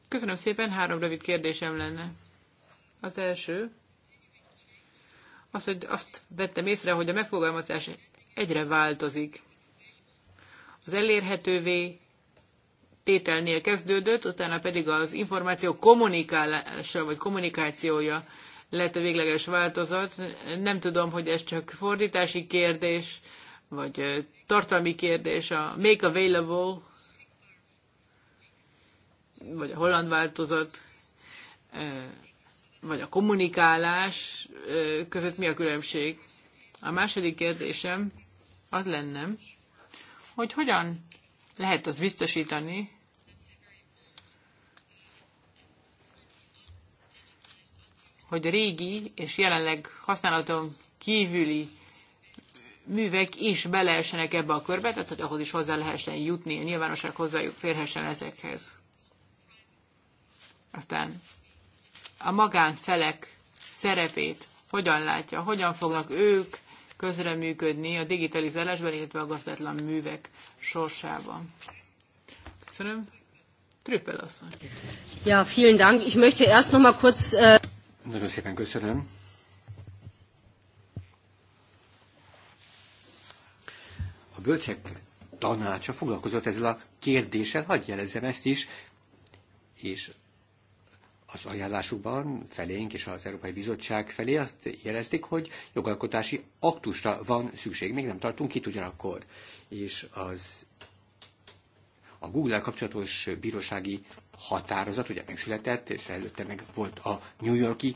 Köszönöm szépen, három rövid kérdésem lenne. Az első, az, hogy azt vettem észre, hogy a megfogalmazás egyre változik. Az elérhetővé tételnél kezdődött, utána pedig az információ kommunikálása vagy kommunikációja lett a végleges változat. Nem tudom, hogy ez csak fordítási kérdés, vagy tartalmi kérdés, a make available vagy a holland változat, vagy a kommunikálás között mi a különbség? A második kérdésem az lenne, hogy hogyan lehet az biztosítani, hogy a régi és jelenleg használaton kívüli művek is beleessenek ebbe a körbe, tehát hogy ahhoz is hozzá lehessen jutni, a nyilvánosság hozzájuk férhessen ezekhez. Aztán a magánfelek szerepét hogyan látja, hogyan fognak ők közreműködni a digitalizálásban, illetve a gazdátlan művek sorsában. Köszönöm. Trüppel asszony. Ja, vielen Dank. Ich möchte erst noch mal kurz... Äh, Nagyon szépen köszönöm. A bölcsek tanácsa foglalkozott ezzel a kérdéssel, hagyj jelezzem ezt is, és az ajánlásukban felénk és az Európai Bizottság felé azt jelezték, hogy jogalkotási aktusra van szükség, még nem tartunk itt ugyanakkor. És az a google kapcsolatos bírósági határozat, ugye megszületett, és előtte meg volt a New Yorki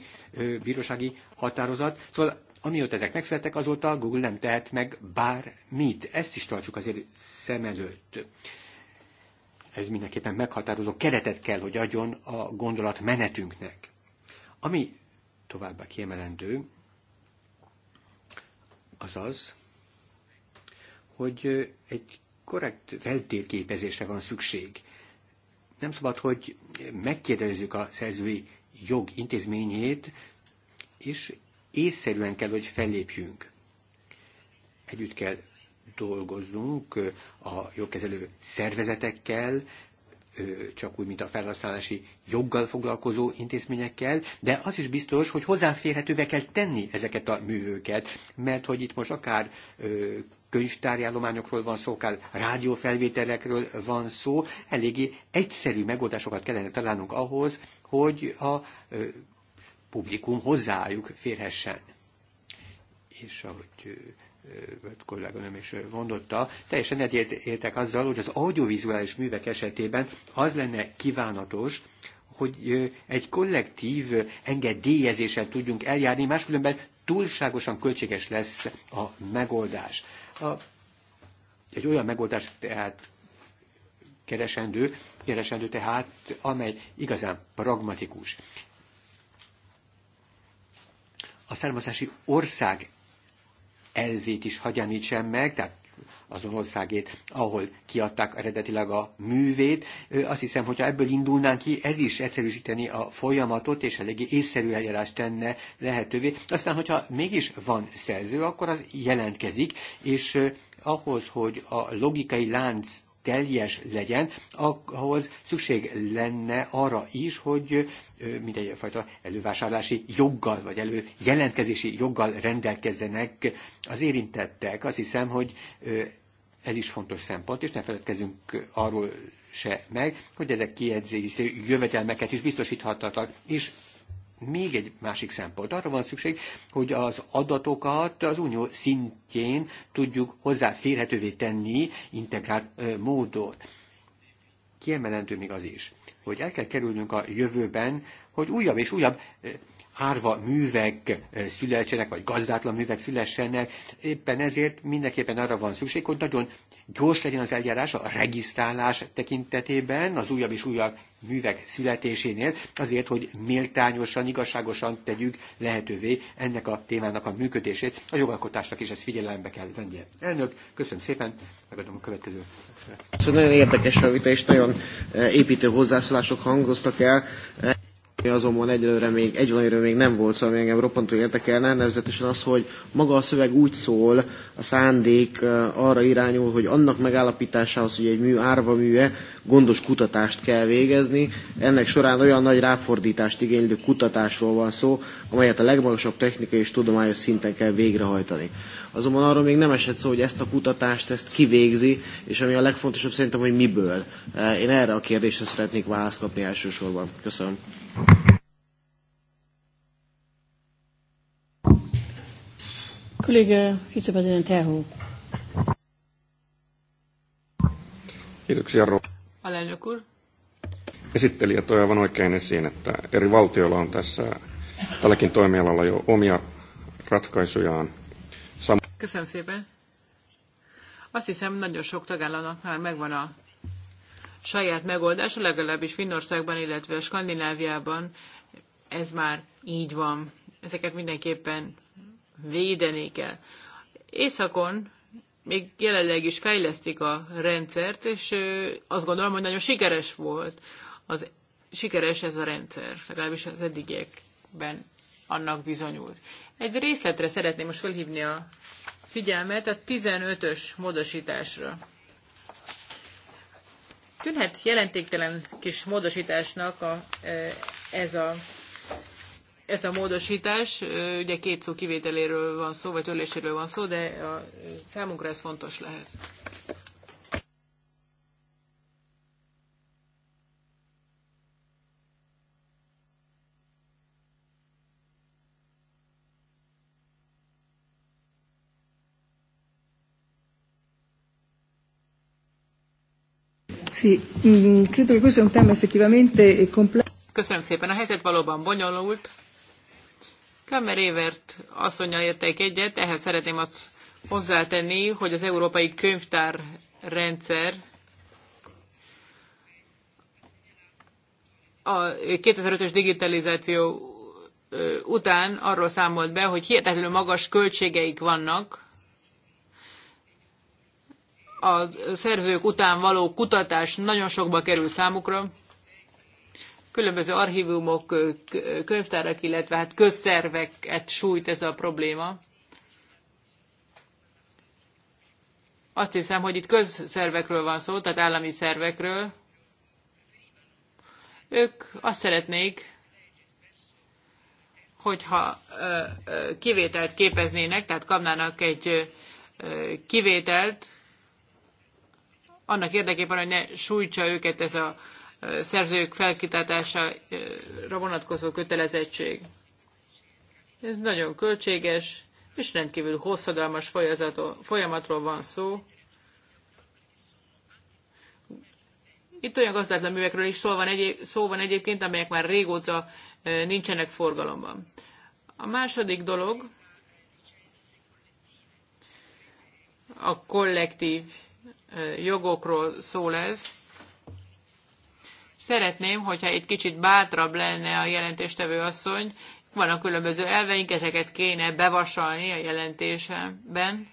bírósági határozat. Szóval amióta ezek megszülettek, azóta Google nem tehet meg bármit. Ezt is tartsuk azért szem előtt ez mindenképpen meghatározó keretet kell, hogy adjon a gondolat menetünknek. Ami továbbá kiemelendő, az az, hogy egy korrekt feltérképezésre van szükség. Nem szabad, hogy megkérdezzük a szerzői jog intézményét, és észszerűen kell, hogy fellépjünk. Együtt kell dolgozunk a jogkezelő szervezetekkel, csak úgy, mint a felhasználási joggal foglalkozó intézményekkel, de az is biztos, hogy hozzáférhetővé kell tenni ezeket a művőket, mert hogy itt most akár könyvtárjállományokról van szó, akár rádiófelvételekről van szó, eléggé egyszerű megoldásokat kellene találnunk ahhoz, hogy a publikum hozzájuk férhessen. És ahogy kolléganőm is mondotta, teljesen egyetértek azzal, hogy az audiovizuális művek esetében az lenne kívánatos, hogy egy kollektív engedélyezéssel tudjunk eljárni, máskülönben túlságosan költséges lesz a megoldás. A, egy olyan megoldás tehát keresendő, keresendő tehát, amely igazán pragmatikus. A származási ország elvét is hagyanítsen meg, tehát azon országét, ahol kiadták eredetileg a művét. Azt hiszem, hogyha ebből indulnánk ki, ez is egyszerűsíteni a folyamatot, és eléggé észszerű eljárást tenne lehetővé. Aztán, hogyha mégis van szerző, akkor az jelentkezik, és ahhoz, hogy a logikai lánc teljes legyen, ahhoz szükség lenne arra is, hogy mindegy fajta elővásárlási joggal, vagy előjelentkezési joggal rendelkezzenek az érintettek. Azt hiszem, hogy ez is fontos szempont, és ne feledkezzünk arról se meg, hogy ezek kiedzési jövedelmeket is biztosíthatnak, és még egy másik szempont. Arra van szükség, hogy az adatokat az unió szintjén tudjuk hozzáférhetővé tenni integrált módon. Kiemelendő még az is, hogy el kell kerülnünk a jövőben, hogy újabb és újabb árva művek szülessenek, vagy gazdátlan művek szülessenek. Éppen ezért mindenképpen arra van szükség, hogy nagyon gyors legyen az eljárás a regisztrálás tekintetében, az újabb és újabb művek születésénél, azért, hogy méltányosan, igazságosan tegyük lehetővé ennek a témának a működését. A jogalkotásnak is ezt figyelembe kell vennie. Elnök, köszönöm szépen, megadom a következő. Szóval nagyon érdekes a vita, és nagyon eh, építő hozzászólások hangoztak el azonban egyelőre még, egy még nem volt szó, szóval ami engem roppantú érdekelne, nevezetesen az, hogy maga a szöveg úgy szól, a szándék arra irányul, hogy annak megállapításához, hogy egy mű árva műe, gondos kutatást kell végezni. Ennek során olyan nagy ráfordítást igénylő kutatásról van szó, amelyet a legmagasabb technikai és tudományos szinten kell végrehajtani azonban arról még nem esett szó, hogy ezt a kutatást, ezt kivégzi, és ami a legfontosabb szerintem, hogy miből. Eh, én erre a kérdésre szeretnék választ kapni elsősorban. Köszönöm. Kolléga vicepresident Elhó. Kiitoksia, Alelnök úr. Esittelijä toi aivan oikein esiin, että eri valtioilla on tässä tälläkin toimialalla jo omia ratkaisujaan – Köszönöm szépen. Azt hiszem, nagyon sok tagállamnak már megvan a saját megoldása, legalábbis Finnországban, illetve a Skandináviában ez már így van. Ezeket mindenképpen védeni kell. Északon még jelenleg is fejlesztik a rendszert, és azt gondolom, hogy nagyon sikeres volt. Az, sikeres ez a rendszer, legalábbis az eddigiekben annak bizonyult. Egy részletre szeretném most felhívni a figyelmet a 15-ös módosításra. Tűnhet jelentéktelen kis módosításnak a, e, ez a ez a módosítás, e, ugye két szó kivételéről van szó, vagy törléséről van szó, de a, e, számunkra ez fontos lehet. Sì, mm, credo che questo è un tema effettivamente eh, complesso. Köszönöm szépen, a helyzet valóban bonyolult. Kammer Évert asszonya értek egyet, ehhez szeretném azt hozzátenni, hogy az európai könyvtár rendszer a 2005-ös digitalizáció után arról számolt be, hogy hihetetlenül magas költségeik vannak a szerzők után való kutatás nagyon sokba kerül számukra. Különböző archívumok, könyvtárak, illetve hát közszerveket sújt ez a probléma. Azt hiszem, hogy itt közszervekről van szó, tehát állami szervekről. Ők azt szeretnék, hogyha kivételt képeznének, tehát kapnának egy kivételt, annak érdekében, hogy ne sújtsa őket ez a szerzők felkitátására vonatkozó kötelezettség. Ez nagyon költséges, és rendkívül hosszadalmas folyamatról van szó. Itt olyan gazdátlan művekről is szó van, egyéb, szó van egyébként, amelyek már régóta nincsenek forgalomban. A második dolog a kollektív jogokról szól ez. Szeretném, hogyha egy kicsit bátrabb lenne a jelentéstevő asszony, van a különböző elveink, ezeket kéne bevasalni a jelentésben.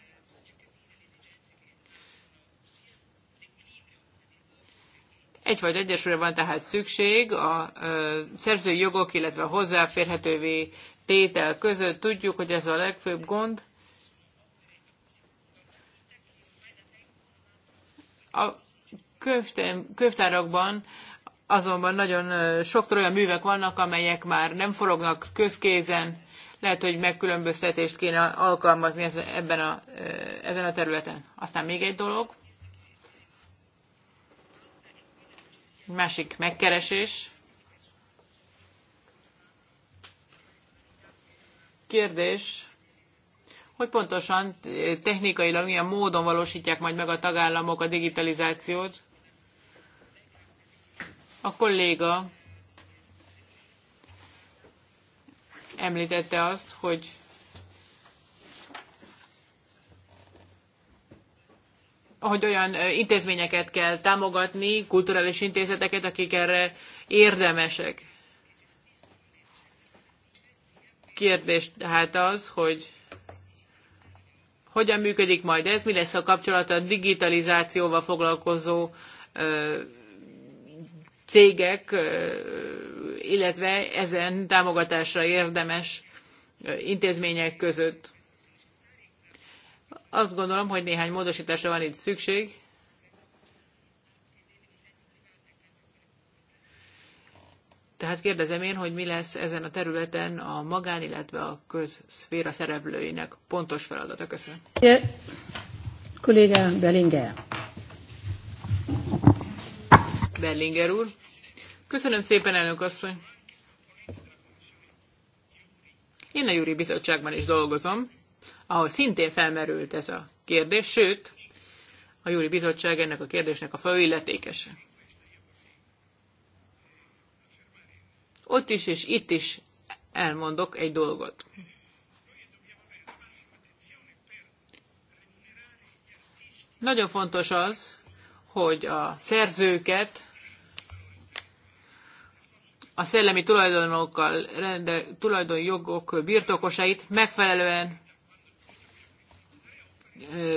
vagy egyesülre van tehát szükség a szerzői jogok, illetve a hozzáférhetővé tétel között. Tudjuk, hogy ez a legfőbb gond. A könyvtárakban azonban nagyon sokszor olyan művek vannak, amelyek már nem forognak közkézen, lehet, hogy megkülönböztetést kéne alkalmazni ebben a, ezen a területen. Aztán még egy dolog, másik megkeresés. Kérdés, hogy pontosan eh, technikailag milyen módon valósítják majd meg a tagállamok a digitalizációt. A kolléga említette azt, hogy hogy olyan eh, intézményeket kell támogatni, kulturális intézeteket, akik erre érdemesek. Kérdés hát az, hogy hogyan működik majd ez, mi lesz a kapcsolata a digitalizációval foglalkozó cégek, illetve ezen támogatásra érdemes intézmények között. Azt gondolom, hogy néhány módosításra van itt szükség. Tehát kérdezem én, hogy mi lesz ezen a területen a magán, illetve a közszféra szereplőinek pontos feladata. Köszönöm. Kolléga Bellinger. Bellinger úr. Köszönöm szépen, elnök asszony. Én a Júri Bizottságban is dolgozom, ahol szintén felmerült ez a kérdés, sőt, a Júri Bizottság ennek a kérdésnek a fő illetékese. Ott is és itt is elmondok egy dolgot. Nagyon fontos az, hogy a szerzőket a szellemi tulajdonokkal, rende, tulajdonjogok birtokosait megfelelően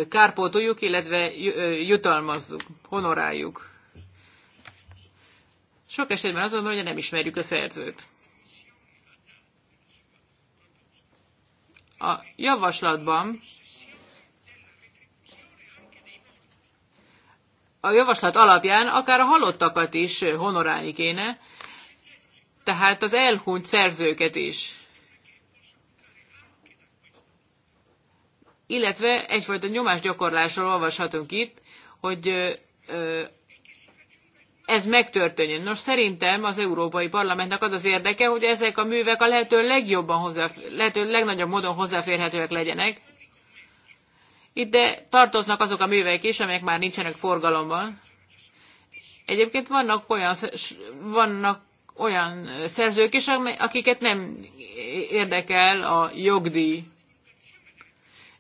kárpótoljuk, illetve jutalmazzuk, honoráljuk. Sok esetben azonban, hogy nem ismerjük a szerzőt. A javaslatban a javaslat alapján akár a halottakat is honorálni kéne, tehát az elhunyt szerzőket is. Illetve egyfajta nyomásgyakorlásról olvashatunk itt, hogy ez megtörténjen. Nos, szerintem az Európai Parlamentnek az az érdeke, hogy ezek a művek a lehető legjobban hozzáfér, lehető legnagyobb módon hozzáférhetőek legyenek. Ide tartoznak azok a művek is, amelyek már nincsenek forgalomban. Egyébként vannak olyan, vannak olyan szerzők is, akiket nem érdekel a jogdíj.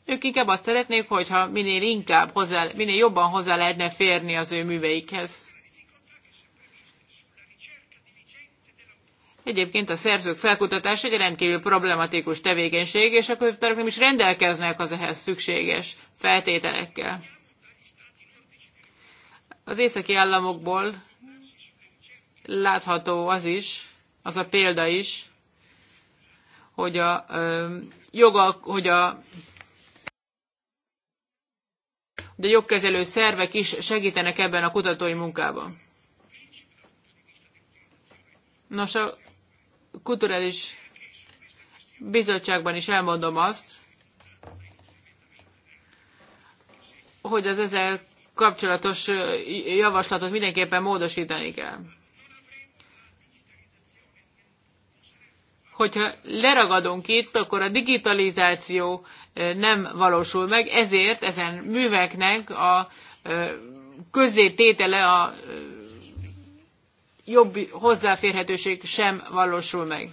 Ők inkább azt szeretnék, hogyha minél inkább hozzá, minél jobban hozzá lehetne férni az ő műveikhez. Egyébként a szerzők felkutatás egy rendkívül problematikus tevékenység, és a könyvtárak nem is rendelkeznek az ehhez szükséges feltételekkel. Az északi államokból látható az is, az a példa is, hogy a ö, joga, hogy a de jogkezelő szervek is segítenek ebben a kutatói munkában. Nos, a kulturális bizottságban is elmondom azt, hogy az ezzel kapcsolatos javaslatot mindenképpen módosítani kell. Hogyha leragadunk itt, akkor a digitalizáció nem valósul meg, ezért ezen műveknek a közé tétele a jobb hozzáférhetőség sem valósul meg.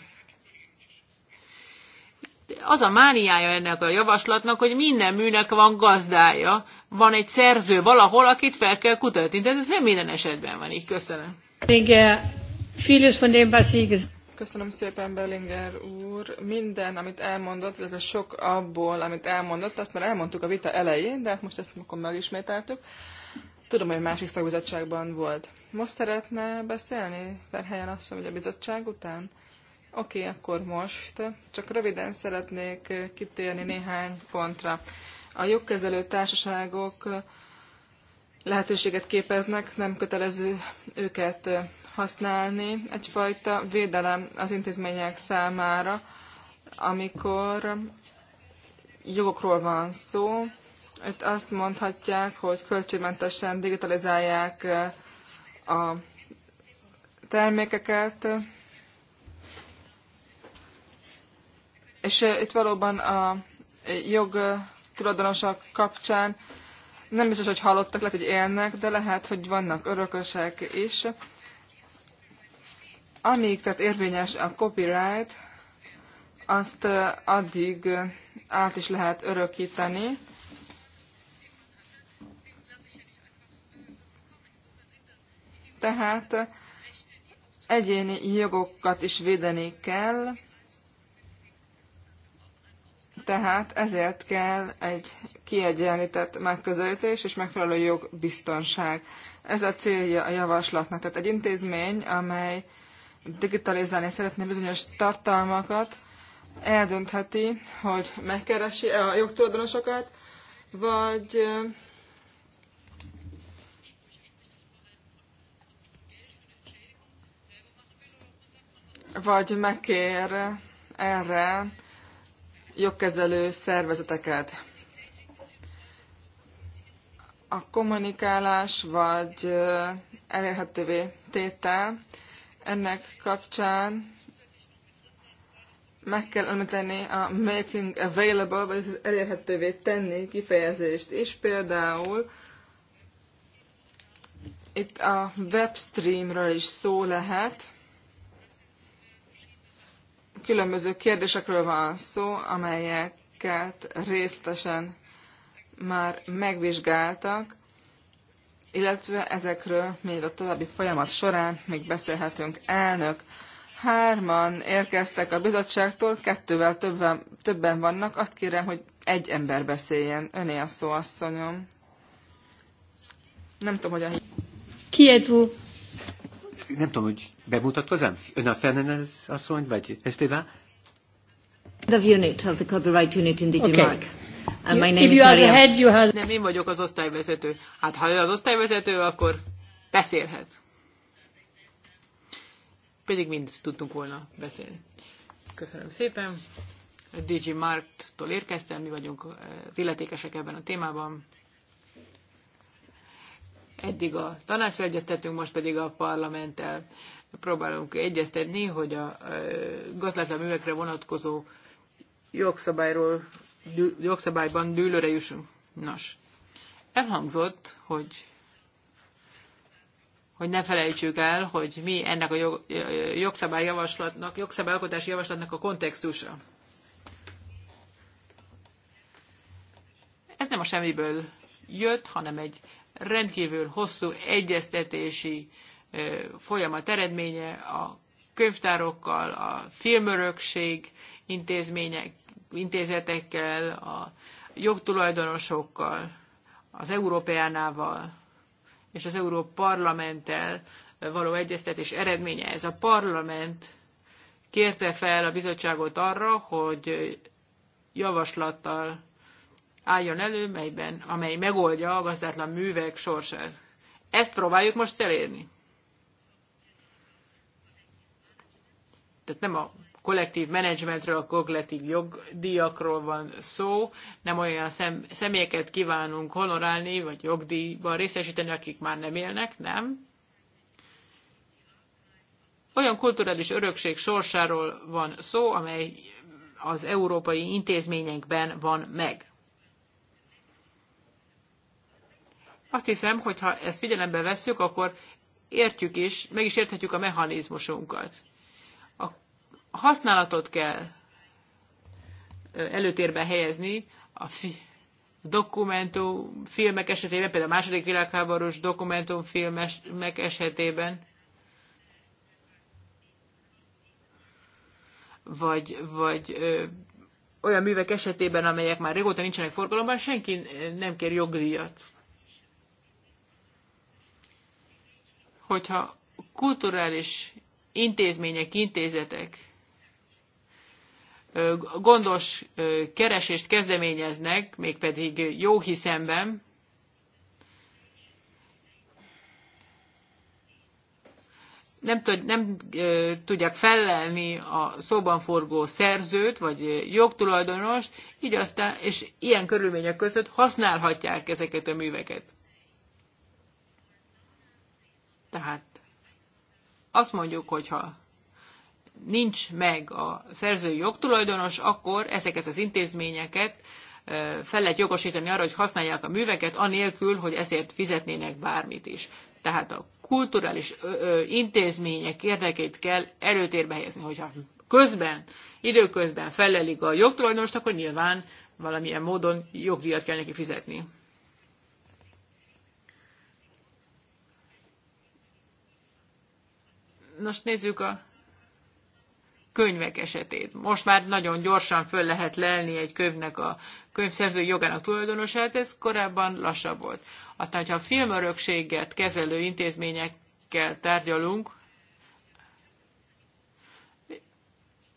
Az a mániája ennek a javaslatnak, hogy minden műnek van gazdája, van egy szerző valahol, akit fel kell kutatni, de ez nem minden esetben van így. Köszönöm. Köszönöm szépen, Bellinger úr. Minden, amit elmondott, illetve sok abból, amit elmondott, azt már elmondtuk a vita elején, de hát most ezt akkor megismételtük. Tudom, hogy másik szakbizottságban volt. Most szeretne beszélni Verhelyen azt, hogy a bizottság után? Oké, okay, akkor most. Csak röviden szeretnék kitérni néhány pontra. A jogkezelő társaságok lehetőséget képeznek, nem kötelező őket használni. Egyfajta védelem az intézmények számára, amikor jogokról van szó, itt azt mondhatják, hogy költségmentesen digitalizálják eh, a termékeket, és eh, itt valóban a jog eh, tulajdonosok kapcsán nem biztos, hogy hallottak, lehet, hogy élnek, de lehet, hogy vannak örökösek is. Amíg tehát érvényes a copyright, azt addig át is lehet örökíteni, Tehát egyéni jogokat is védeni kell, tehát ezért kell egy kiegyenlített megközelítés és megfelelő jogbiztonság. Ez a célja a javaslatnak. Tehát egy intézmény, amely digitalizálni szeretné bizonyos tartalmakat, eldöntheti, hogy megkeresi a jogtulajdonosokat, vagy vagy megkér erre jogkezelő szervezeteket. A kommunikálás vagy elérhetővé tétel ennek kapcsán meg kell említeni a making available, vagy elérhetővé tenni kifejezést is. Például itt a webstreamről is szó lehet, különböző kérdésekről van szó, amelyeket részletesen már megvizsgáltak, illetve ezekről még a további folyamat során még beszélhetünk. Elnök, hárman érkeztek a bizottságtól, kettővel többen, többen vannak. Azt kérem, hogy egy ember beszéljen. Öné a szó, asszonyom. Nem tudom, hogy a... Ki nem tudom, hogy bemutatkozom. Ön a Fernandez asszony, vagy Esteva? The unit of the copyright unit in Digimark. Okay. And my name If you are Head, you have... Nem, én vagyok az osztályvezető. Hát ha ő az osztályvezető, akkor beszélhet. Pedig mind tudtunk volna beszélni. Köszönöm szépen. A mart tól érkeztem, mi vagyunk eh, az illetékesek ebben a témában. Eddig a tanácsra egyeztettünk, most pedig a parlamenttel próbálunk egyeztetni, hogy a gazdátlan művekre vonatkozó jogszabályról, jogszabályban dűlőre jussunk. Nos, elhangzott, hogy hogy ne felejtsük el, hogy mi ennek a jog, jogszabályjavaslatnak, jogszabályalkotási javaslatnak a kontextusa. Ez nem a semmiből jött, hanem egy rendkívül hosszú egyeztetési folyamat eredménye a könyvtárokkal, a filmörökség intézmények, intézetekkel, a jogtulajdonosokkal, az Európeánával és az európai Parlamenttel való egyeztetés eredménye. Ez a parlament kérte fel a bizottságot arra, hogy javaslattal álljon elő, melyben, amely megoldja a gazdátlan művek sorsát. Ezt próbáljuk most elérni. Tehát nem a kollektív menedzsmentről, a kollektív jogdíjakról van szó, nem olyan szem, személyeket kívánunk honorálni, vagy jogdíjban részesíteni, akik már nem élnek, nem. Olyan kulturális örökség sorsáról van szó, amely az európai intézményekben van meg. Azt hiszem, hogy ha ezt figyelembe vesszük, akkor értjük is, meg is érthetjük a mechanizmusunkat. A használatot kell előtérbe helyezni, a fi- dokumentum, esetében, például a második világháborús dokumentumfilmek esetében, vagy, vagy ö, olyan művek esetében, amelyek már régóta nincsenek forgalomban, senki nem kér jogdíjat. hogyha kulturális intézmények, intézetek gondos keresést kezdeményeznek, mégpedig jó hiszemben, nem, tud, nem tudják fellelni a szóban forgó szerzőt, vagy jogtulajdonost, így aztán, és ilyen körülmények között használhatják ezeket a műveket. Tehát azt mondjuk, hogyha nincs meg a szerzői jogtulajdonos, akkor ezeket az intézményeket fel lehet jogosítani arra, hogy használják a műveket, anélkül, hogy ezért fizetnének bármit is. Tehát a kulturális intézmények érdekét kell előtérbe helyezni, hogyha közben, időközben felelik a jogtulajdonost, akkor nyilván valamilyen módon jogdíjat kell neki fizetni. Most nézzük a könyvek esetét. Most már nagyon gyorsan föl lehet lelni egy könyvnek a könyvszerző jogának tulajdonosát, ez korábban lassabb volt. Aztán, ha a filmörökséget kezelő intézményekkel tárgyalunk,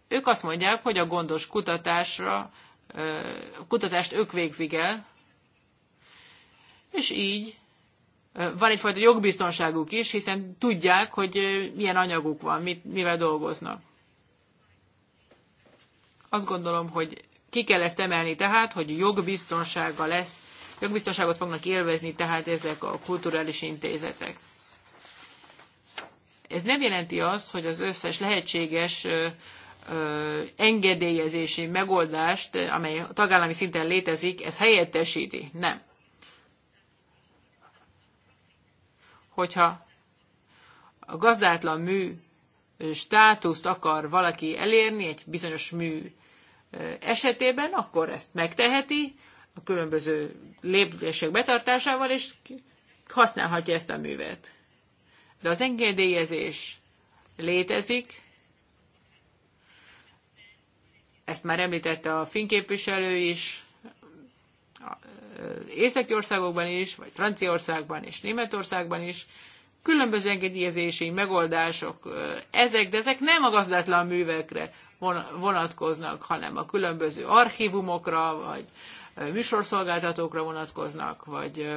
ők azt mondják, hogy a gondos kutatásra, kutatást ők végzik el, és így van egyfajta jogbiztonságuk is, hiszen tudják, hogy milyen anyaguk van, mit, mivel dolgoznak. Azt gondolom, hogy ki kell ezt emelni tehát, hogy jogbiztonsága lesz, jogbiztonságot fognak élvezni tehát ezek a kulturális intézetek. Ez nem jelenti azt, hogy az összes lehetséges engedélyezési megoldást, amely tagállami szinten létezik, ez helyettesíti. Nem. hogyha a gazdátlan mű státuszt akar valaki elérni egy bizonyos mű esetében, akkor ezt megteheti a különböző lépések betartásával, és használhatja ezt a művet. De az engedélyezés létezik, ezt már említette a fényképviselő is, északi országokban is, vagy Franciaországban és Németországban is, különböző engedélyezési megoldások ezek, de ezek nem a gazdátlan művekre vonatkoznak, hanem a különböző archívumokra, vagy műsorszolgáltatókra vonatkoznak, vagy,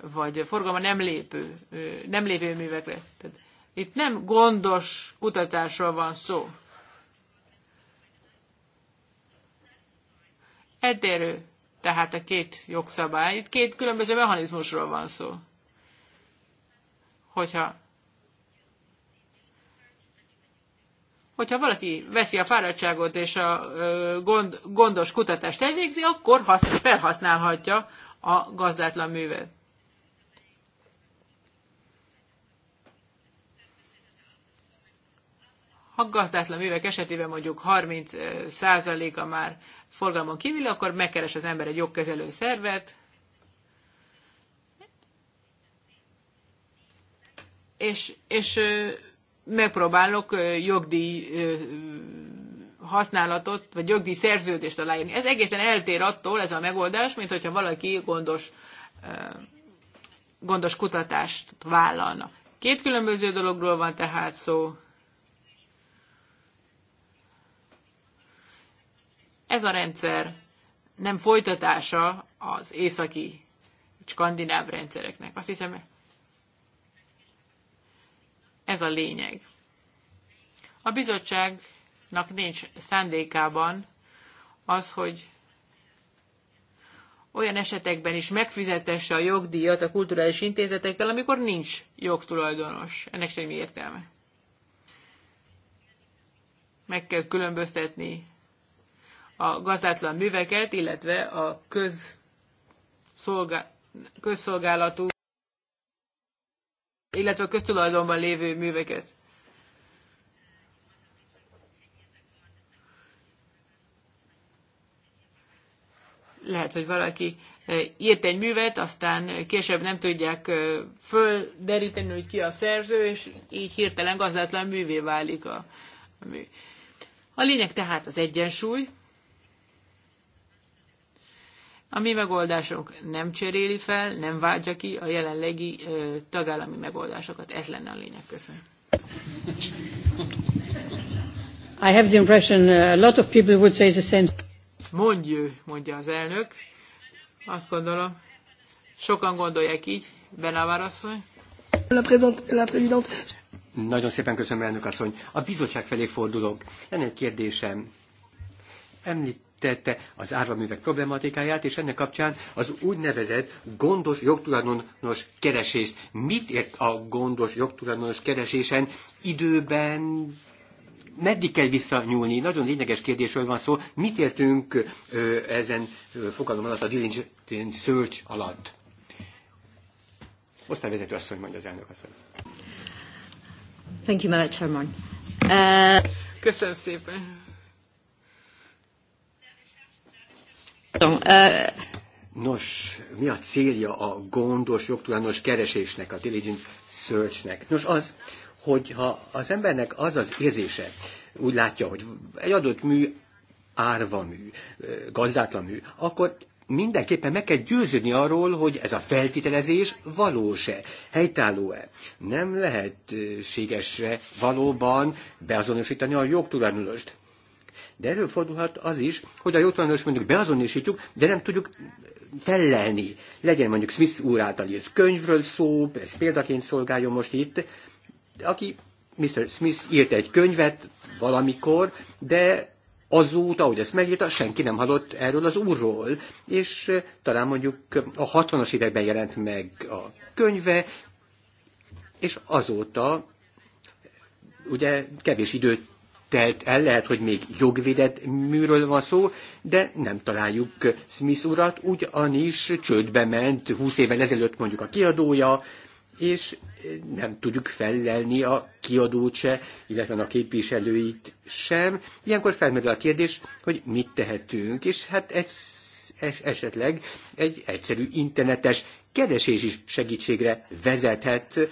vagy forgalma nem, lépő, nem lévő művekre. Tehát itt nem gondos kutatásról van szó. Eltérő tehát a két jogszabály. Itt két különböző mechanizmusról van szó. Hogyha hogyha valaki veszi a fáradtságot és a gond, gondos kutatást elvégzi, akkor használ, felhasználhatja a gazdátlan művet. Ha gazdátlan művek esetében mondjuk 30%-a már forgalmon kívül, akkor megkeres az ember egy jogkezelő szervet, és, és megpróbálok jogdíj használatot, vagy jogdíj szerződést aláírni. Ez egészen eltér attól ez a megoldás, mint hogyha valaki gondos, gondos kutatást vállalna. Két különböző dologról van tehát szó. Ez a rendszer nem folytatása az északi skandináv rendszereknek. Azt hiszem, ez a lényeg. A bizottságnak nincs szándékában az, hogy olyan esetekben is megfizetesse a jogdíjat a kulturális intézetekkel, amikor nincs jogtulajdonos. Ennek semmi értelme. Meg kell különböztetni a gazdátlan műveket, illetve a közszolgá- közszolgálatú, illetve a köztulajdonban lévő műveket. lehet, hogy valaki eh, írt egy művet, aztán később nem tudják eh, földeríteni, hogy ki a szerző, és így hirtelen gazdátlan művé válik a, a mű. A lényeg tehát az egyensúly, a mi megoldásunk nem cseréli fel, nem váltja ki a jelenlegi ö, tagállami megoldásokat. Ez lenne a lényeg. Köszönöm. I have the impression uh, a lot of people would say the same. Mondjő, mondja az elnök. Azt gondolom, sokan gondolják így. Benavar asszony. La présidente, la Nagyon szépen köszönöm, elnök asszony. A bizottság felé fordulok. egy kérdésem. Említ, tette az árvaművek problematikáját, és ennek kapcsán az úgynevezett gondos jogtulajdonos keresést. Mit ért a gondos jogtulajdonos keresésen időben, meddig kell visszanyúlni? Nagyon lényeges kérdésről van szó. Mit értünk ö, ezen ö, fogalom alatt, a diligent search alatt? Osztályvezető asszony mondja az elnök asszony. Thank you, Madam Chairman. Uh... Köszönöm szépen. Nos, mi a célja a gondos, jogtulajdonos keresésnek, a diligent searchnek? Nos, az, hogyha az embernek az az érzése, úgy látja, hogy egy adott mű árva mű, gazdátlan mű, akkor mindenképpen meg kell győződni arról, hogy ez a feltételezés valós-e, helytálló-e. Nem lehetségesre valóban beazonosítani a jogtulajdonost. De előfordulhat az is, hogy a jogtalanos mondjuk beazonosítjuk, de nem tudjuk fellelni. Legyen mondjuk Smith úr által írt könyvről szó, ez példaként szolgáljon most itt, aki Mr. Smith írt egy könyvet valamikor, de azóta, ahogy ezt megírta, senki nem hallott erről az úrról. És eh, talán mondjuk a 60-as években jelent meg a könyve, és azóta ugye kevés időt telt el, lehet, hogy még jogvédett műről van szó, de nem találjuk Smith urat, ugyanis csődbe ment 20 évvel ezelőtt mondjuk a kiadója, és nem tudjuk fellelni a kiadót se, illetve a képviselőit sem. Ilyenkor felmerül a kérdés, hogy mit tehetünk, és hát ez, es, esetleg egy egyszerű internetes keresés is segítségre vezethet,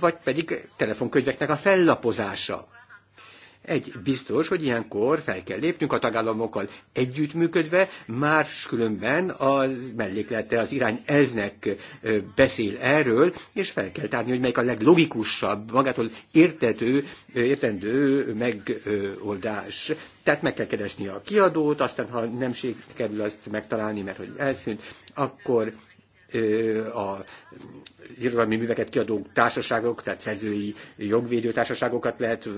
vagy pedig telefonkönyveknek a fellapozása. Egy biztos, hogy ilyenkor fel kell lépnünk a tagállamokkal együttműködve, más különben a melléklete az irány elvnek beszél erről, és fel kell tárni, hogy melyik a leglogikusabb, magától értető, értendő megoldás. Tehát meg kell keresni a kiadót, aztán ha nem sikerül azt megtalálni, mert hogy elszűnt, akkor a irodalmi műveket kiadó társaságok, tehát szerzői jogvédő társaságokat lehet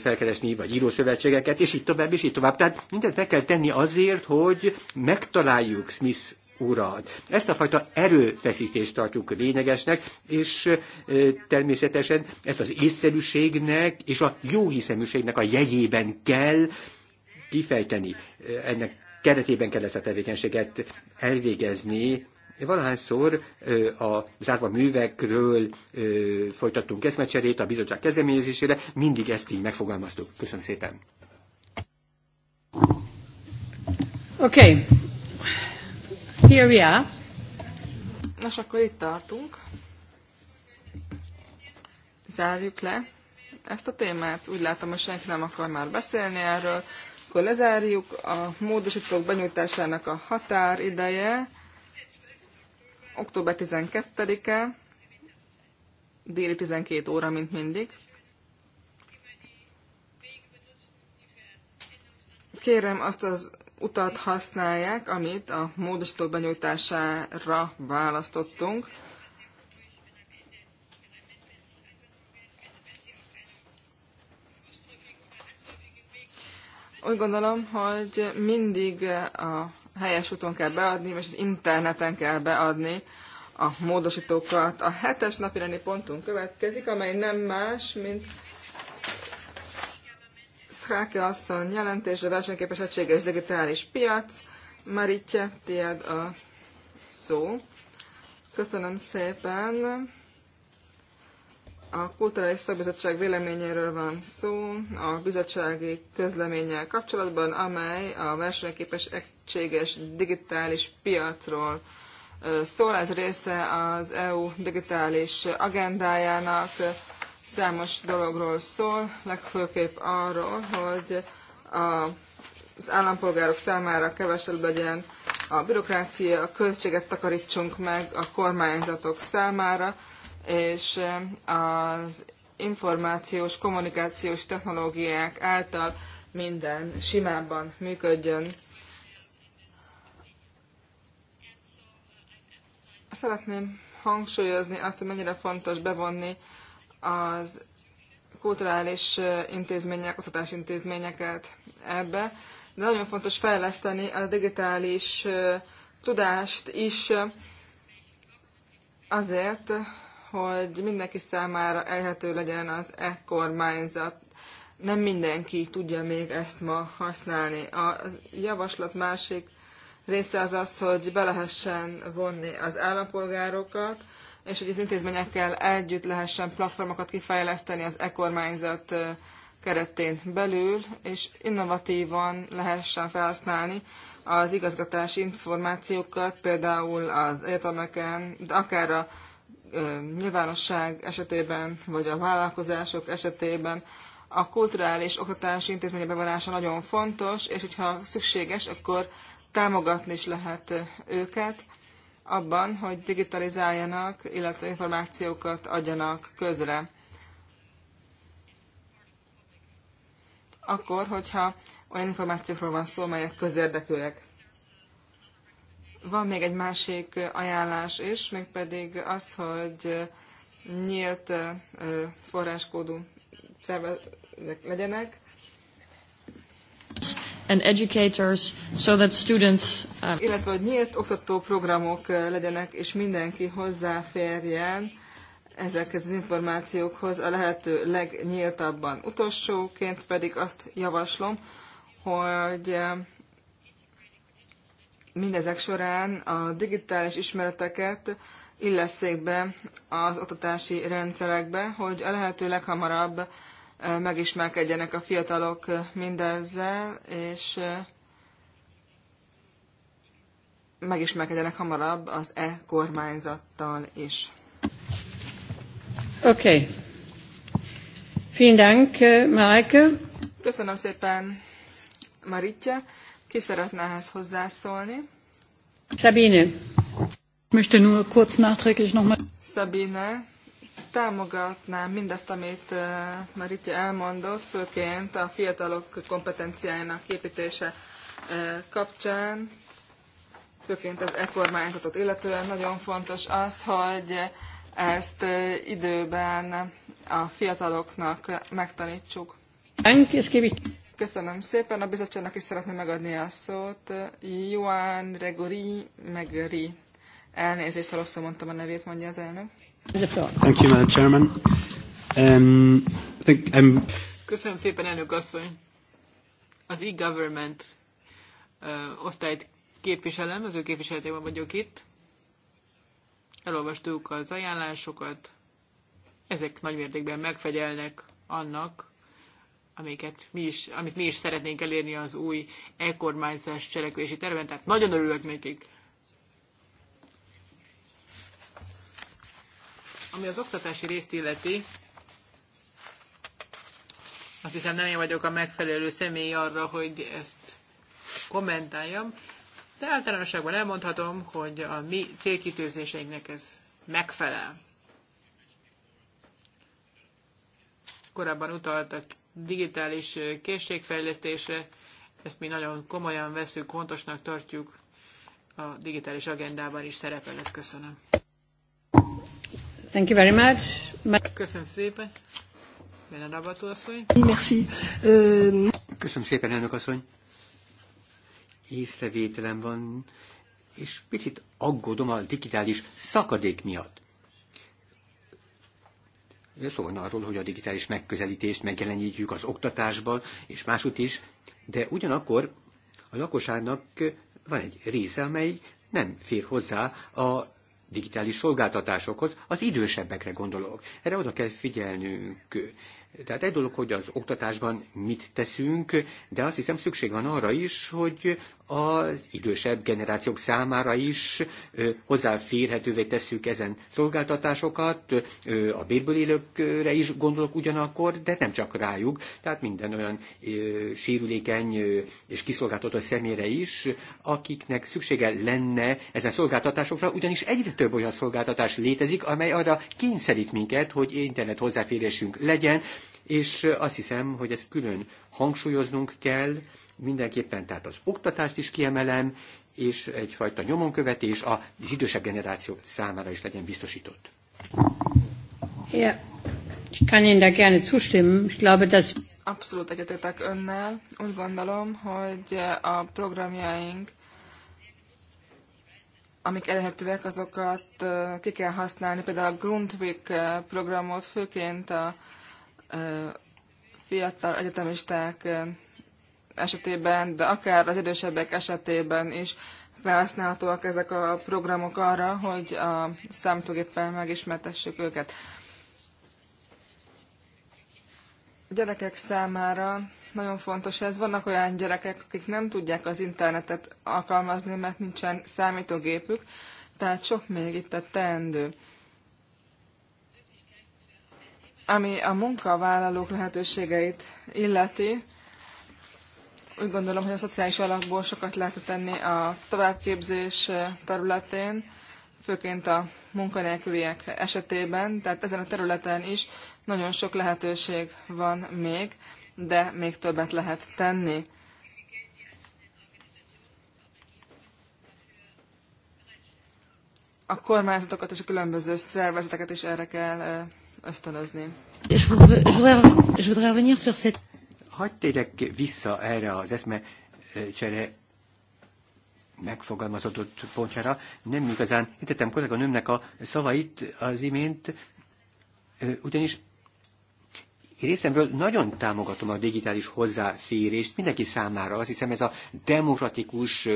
felkeresni, vagy írószövetségeket, és így tovább, és így tovább. Tehát mindent meg kell tenni azért, hogy megtaláljuk Smith urat. Ezt a fajta erőfeszítést tartjuk lényegesnek, és természetesen ezt az észszerűségnek és a jóhiszeműségnek a jegyében kell kifejteni. Ennek keretében kell ezt a tevékenységet elvégezni, Valahányszor a zárva művekről folytattunk eszmecserét a bizottság kezdeményezésére, mindig ezt így megfogalmaztuk. Köszönöm szépen. Okay. Here we are. Nos, akkor itt tartunk. Zárjuk le ezt a témát. Úgy látom, hogy senki nem akar már beszélni erről. Akkor lezárjuk a módosítók benyújtásának a határideje. Október 12-e, déli 12 óra, mint mindig. Kérem, azt az utat használják, amit a módosító benyújtására választottunk. Úgy gondolom, hogy mindig a helyes úton kell beadni, és az interneten kell beadni a módosítókat. A hetes napirendi pontunk következik, amely nem más, mint Szkáke asszony jelentése, versenyképes egységes digitális piac. Maritje, tiéd a szó. Köszönöm szépen. A Kulturális Szakbizottság véleményéről van szó a bizottsági közleménnyel kapcsolatban, amely a versenyképes egységes digitális piacról szól. Ez része az EU digitális agendájának számos dologról szól, legfőképp arról, hogy a, az állampolgárok számára kevesebb legyen a bürokrácia, a költséget takarítsunk meg a kormányzatok számára, és eh, az információs, kommunikációs technológiák által minden simábban működjön. Szeretném hangsúlyozni azt, hogy mennyire fontos bevonni az kulturális eh, intézmények, oktatási intézményeket ebbe, de nagyon fontos fejleszteni a digitális eh, tudást is azért, hogy mindenki számára elhető legyen az e-kormányzat. Nem mindenki tudja még ezt ma használni. A javaslat másik része az az, hogy be lehessen vonni az állampolgárokat, és hogy az intézményekkel együtt lehessen platformokat kifejleszteni az e-kormányzat keretén belül, és innovatívan lehessen felhasználni az igazgatási információkat, például az egyetemeken, de akár a nyilvánosság esetében, vagy a vállalkozások esetében a kulturális oktatási intézmények bevonása nagyon fontos, és hogyha szükséges, akkor támogatni is lehet őket abban, hogy digitalizáljanak, illetve információkat adjanak közre. Akkor, hogyha olyan információkról van szó, melyek közérdekűek. Van még egy másik ajánlás is, mégpedig az, hogy nyílt forráskódú szervezetek legyenek. And educators, so that students, uh... Illetve, hogy nyílt oktató programok legyenek, és mindenki hozzáférjen ezekhez az információkhoz a lehető legnyíltabban. Utolsóként pedig azt javaslom, hogy mindezek során a digitális ismereteket illeszék be az oktatási rendszerekbe, hogy a lehető leghamarabb eh, megismerkedjenek a fiatalok eh, mindezzel, és eh, megismerkedjenek hamarabb az e-kormányzattal is. Oké. Okay. Vielen Dank, Köszönöm szépen, Maritja. Ki szeretne ehhez hozzászólni? Sabine. Möchte nur kurz nachträglich nochmal. Sabine, támogatnám mindazt, amit eh, Maritja elmondott, főként a fiatalok kompetenciájának építése eh, kapcsán, főként az e-kormányzatot illetően nagyon fontos az, hogy ezt eh, időben a fiataloknak megtanítsuk. Köszönöm szépen, a bizottságnak is szeretném megadni a szót. Joan Gregory Megri. Elnézést, ha rosszul mondtam a nevét, mondja az elnök. Thank you, Madam Chairman. Um, I think, um... Köszönöm szépen, elnök asszony. Az e-government uh, osztályt képviselem, az ő képviseletében vagyok itt. Elolvastuk az ajánlásokat. Ezek nagymértékben megfegyelnek annak, amiket mi is, amit mi is szeretnénk elérni az új e-kormányzás cselekvési terven, tehát nagyon örülök nekik. Ami az oktatási részt illeti, azt hiszem nem én vagyok a megfelelő személy arra, hogy ezt kommentáljam, de általánosságban elmondhatom, hogy a mi célkitűzéseinknek ez megfelel. Korábban utaltak digitális készségfejlesztésre. Ezt mi nagyon komolyan veszük, fontosnak tartjuk. A digitális agendában is szerepel ez. Köszönöm. Thank you very much. Köszönöm szépen. Belen Rabató asszony. Merci. Köszönöm szépen, elnök asszony. Észrevételem van, és picit aggódom a digitális szakadék miatt szólna arról, hogy a digitális megközelítést megjelenítjük az oktatásban és másút is, de ugyanakkor a lakosságnak van egy része, amely nem fér hozzá a digitális szolgáltatásokhoz, az idősebbekre gondolok. Erre oda kell figyelnünk. Tehát egy dolog, hogy az oktatásban mit teszünk, de azt hiszem szükség van arra is, hogy az idősebb generációk számára is hozzáférhetővé tesszük ezen szolgáltatásokat, a bérből élőkre is gondolok ugyanakkor, de nem csak rájuk, tehát minden olyan sérülékeny és kiszolgáltatott személyre is, akiknek szüksége lenne ezen szolgáltatásokra, ugyanis egyre több olyan szolgáltatás létezik, amely arra kényszerít minket, hogy internet hozzáférésünk legyen, és azt hiszem, hogy ezt külön hangsúlyoznunk kell, mindenképpen tehát az oktatást is kiemelem, és egyfajta nyomonkövetés az idősebb generáció számára is legyen biztosított. Ja, ich kann Ihnen da gerne zustimmen. Ich glaube, dass Abszolút egyetetek önnel. Úgy gondolom, hogy a programjaink, amik elérhetőek, azokat ki kell használni. Például a Grundvik programot főként a fiatal egyetemisták esetében, de akár az idősebbek esetében is felhasználhatóak ezek a programok arra, hogy a számítógéppel megismertessük őket. A gyerekek számára nagyon fontos ez. Vannak olyan gyerekek, akik nem tudják az internetet alkalmazni, mert nincsen számítógépük, tehát sok még itt a teendő. Ami a munkavállalók lehetőségeit illeti, úgy gondolom, hogy a szociális alapból sokat lehet tenni a továbbképzés eh, területén, főként a munkanélküliek esetében, tehát ezen a területen is nagyon sok lehetőség van még, de még többet lehet tenni. A kormányzatokat és a különböző szervezeteket is erre kell eh, ösztönözni. Hagy térek vissza erre az eszmecsere megfogalmazott pontjára. Nem igazán értettem kollega nőmnek a szavait az imént, ugyanis részemről nagyon támogatom a digitális hozzáférést mindenki számára. Azt hiszem ez a demokratikus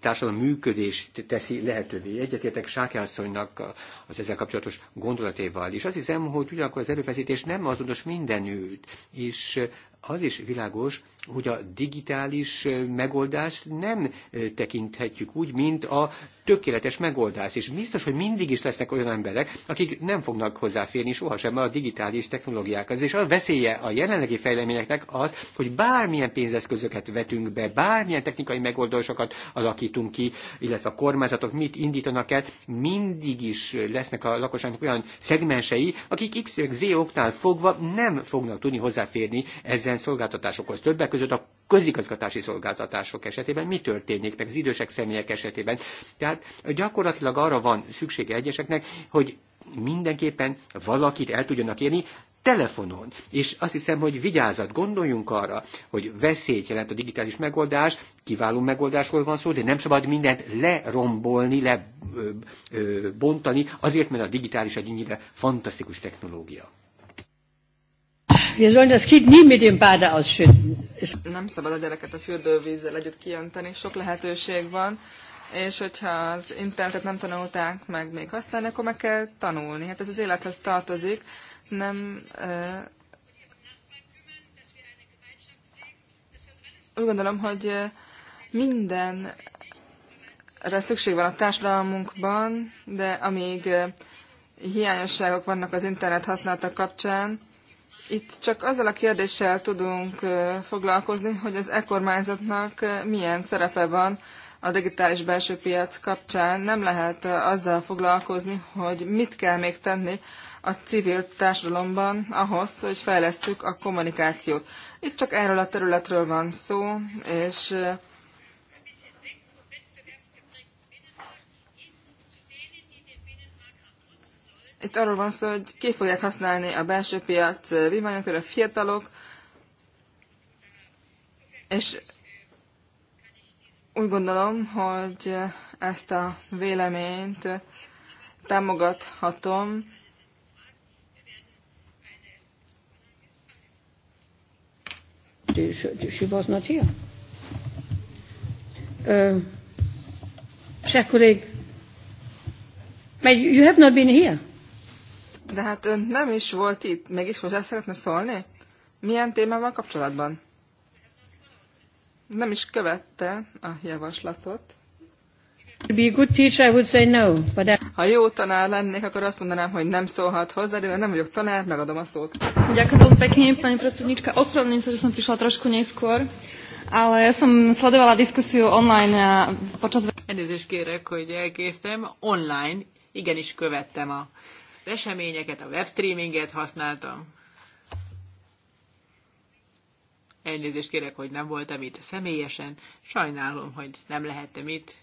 társadalom működés teszi lehetővé. Egyetértek Sákelszonynak az ezzel kapcsolatos gondolatéval is. Azt hiszem, hogy ugyanakkor az erőfeszítés nem azonos mindenütt, és az is világos, hogy a digitális megoldást nem tekinthetjük úgy, mint a tökéletes megoldás, és biztos, hogy mindig is lesznek olyan emberek, akik nem fognak hozzáférni sohasem a digitális technológiákhoz, és a veszélye a jelenlegi fejleményeknek az, hogy bármilyen pénzeszközöket vetünk be, bármilyen technikai megoldásokat alakítunk ki, illetve a kormányzatok mit indítanak el, mindig is lesznek a lakosságnak olyan szegmensei, akik X, Z oknál fogva nem fognak tudni hozzáférni ezen szolgáltatásokhoz. Többek között a közigazgatási szolgáltatások esetében mi történik, meg az idősek személyek esetében. Tehát tehát gyakorlatilag arra van szüksége egyeseknek, hogy mindenképpen valakit el tudjanak érni, telefonon. És azt hiszem, hogy vigyázat, gondoljunk arra, hogy veszélyt jelent a digitális megoldás, kiváló megoldásról van szó, de nem szabad mindent lerombolni, lebontani, azért, mert a digitális egy ennyire fantasztikus technológia. Nem szabad a gyereket a fürdővízzel együtt kijönteni, sok lehetőség van és hogyha az internetet nem tanulták meg még használni, akkor meg kell tanulni. Hát ez az élethez tartozik, nem... Uh, úgy gondolom, hogy mindenre szükség van a társadalmunkban, de amíg hiányosságok vannak az internet használata kapcsán, itt csak azzal a kérdéssel tudunk foglalkozni, hogy az e-kormányzatnak milyen szerepe van a digitális belső piac kapcsán nem lehet azzal foglalkozni, hogy mit kell még tenni a civil társadalomban ahhoz, hogy fejlesszük a kommunikációt. Itt csak erről a területről van szó, és itt arról van szó, hogy ki fogják használni a belső piac vívmányok, például a fiatalok, és úgy gondolom, hogy ezt a véleményt támogathatom. She was you have not been here. De hát ön nem is volt itt. Mégis hozzá szeretne szólni? Milyen témával kapcsolatban? nem is követte a javaslatot. Be a good teacher, I would say no, but I... Ha jó tanár lennék, akkor azt mondanám, hogy nem szólhat hozzá, de nem vagyok tanár, megadom a szót. Ďakujem pekne, pani predsednička. Ospravedlňujem sa, že som prišla trošku neskôr. Ale ja som sledovala diskusiu online eh, počas... Elnézést kérek, hogy elkésztem. Online igenis követtem a eseményeket, a webstreaminget használtam. Elnézést kérek, hogy nem voltam itt személyesen. Sajnálom, hogy nem lehettem itt.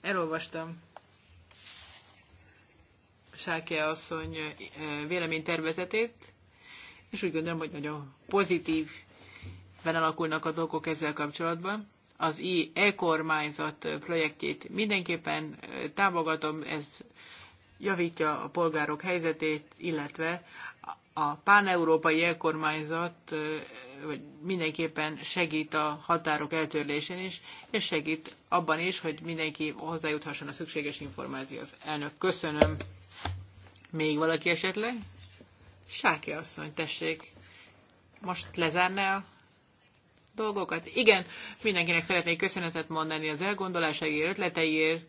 Elolvastam Sáke asszony eh, véleménytervezetét, és úgy gondolom, hogy nagyon pozitív alakulnak a dolgok ezzel kapcsolatban. Az e-kormányzat projektjét mindenképpen eh, támogatom, ez javítja a polgárok helyzetét, illetve a páneurópai elkormányzat vagy mindenképpen segít a határok eltörlésén is, és segít abban is, hogy mindenki hozzájuthasson a szükséges információhoz. Elnök, köszönöm. Még valaki esetleg? Sáki asszony, tessék. Most lezárná a dolgokat? Igen, mindenkinek szeretnék köszönetet mondani az elgondolásáért, ötleteiért,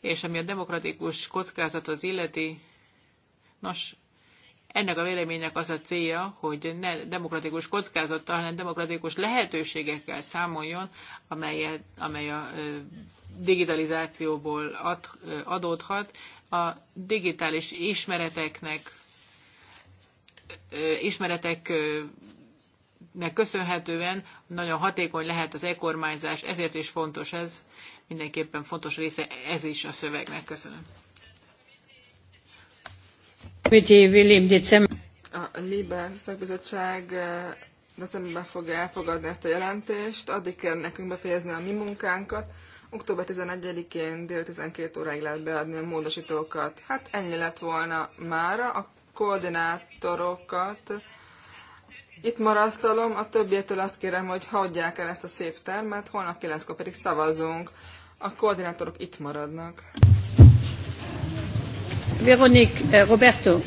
és ami a demokratikus kockázatot illeti, nos, ennek a véleménynek az a célja, hogy ne demokratikus kockázattal, hanem demokratikus lehetőségekkel számoljon, amelyet, amely a digitalizációból ad, adódhat. A digitális ismereteknek ismereteknek köszönhetően nagyon hatékony lehet az e-kormányzás, ezért is fontos ez, mindenképpen fontos része ez is a szövegnek. Köszönöm. A Libe szakbizottság eh, decemberben fogja elfogadni ezt a jelentést, addig kell nekünk befejezni a mi munkánkat. Október 11-én dél 12 óráig lehet beadni a módosítókat. Hát ennyi lett volna mára. A koordinátorokat itt marasztalom, a többiétől azt kérem, hogy hagyják el ezt a szép termet, holnap 9-kor pedig szavazunk. A koordinátorok itt maradnak. Véronique, euh, Roberto.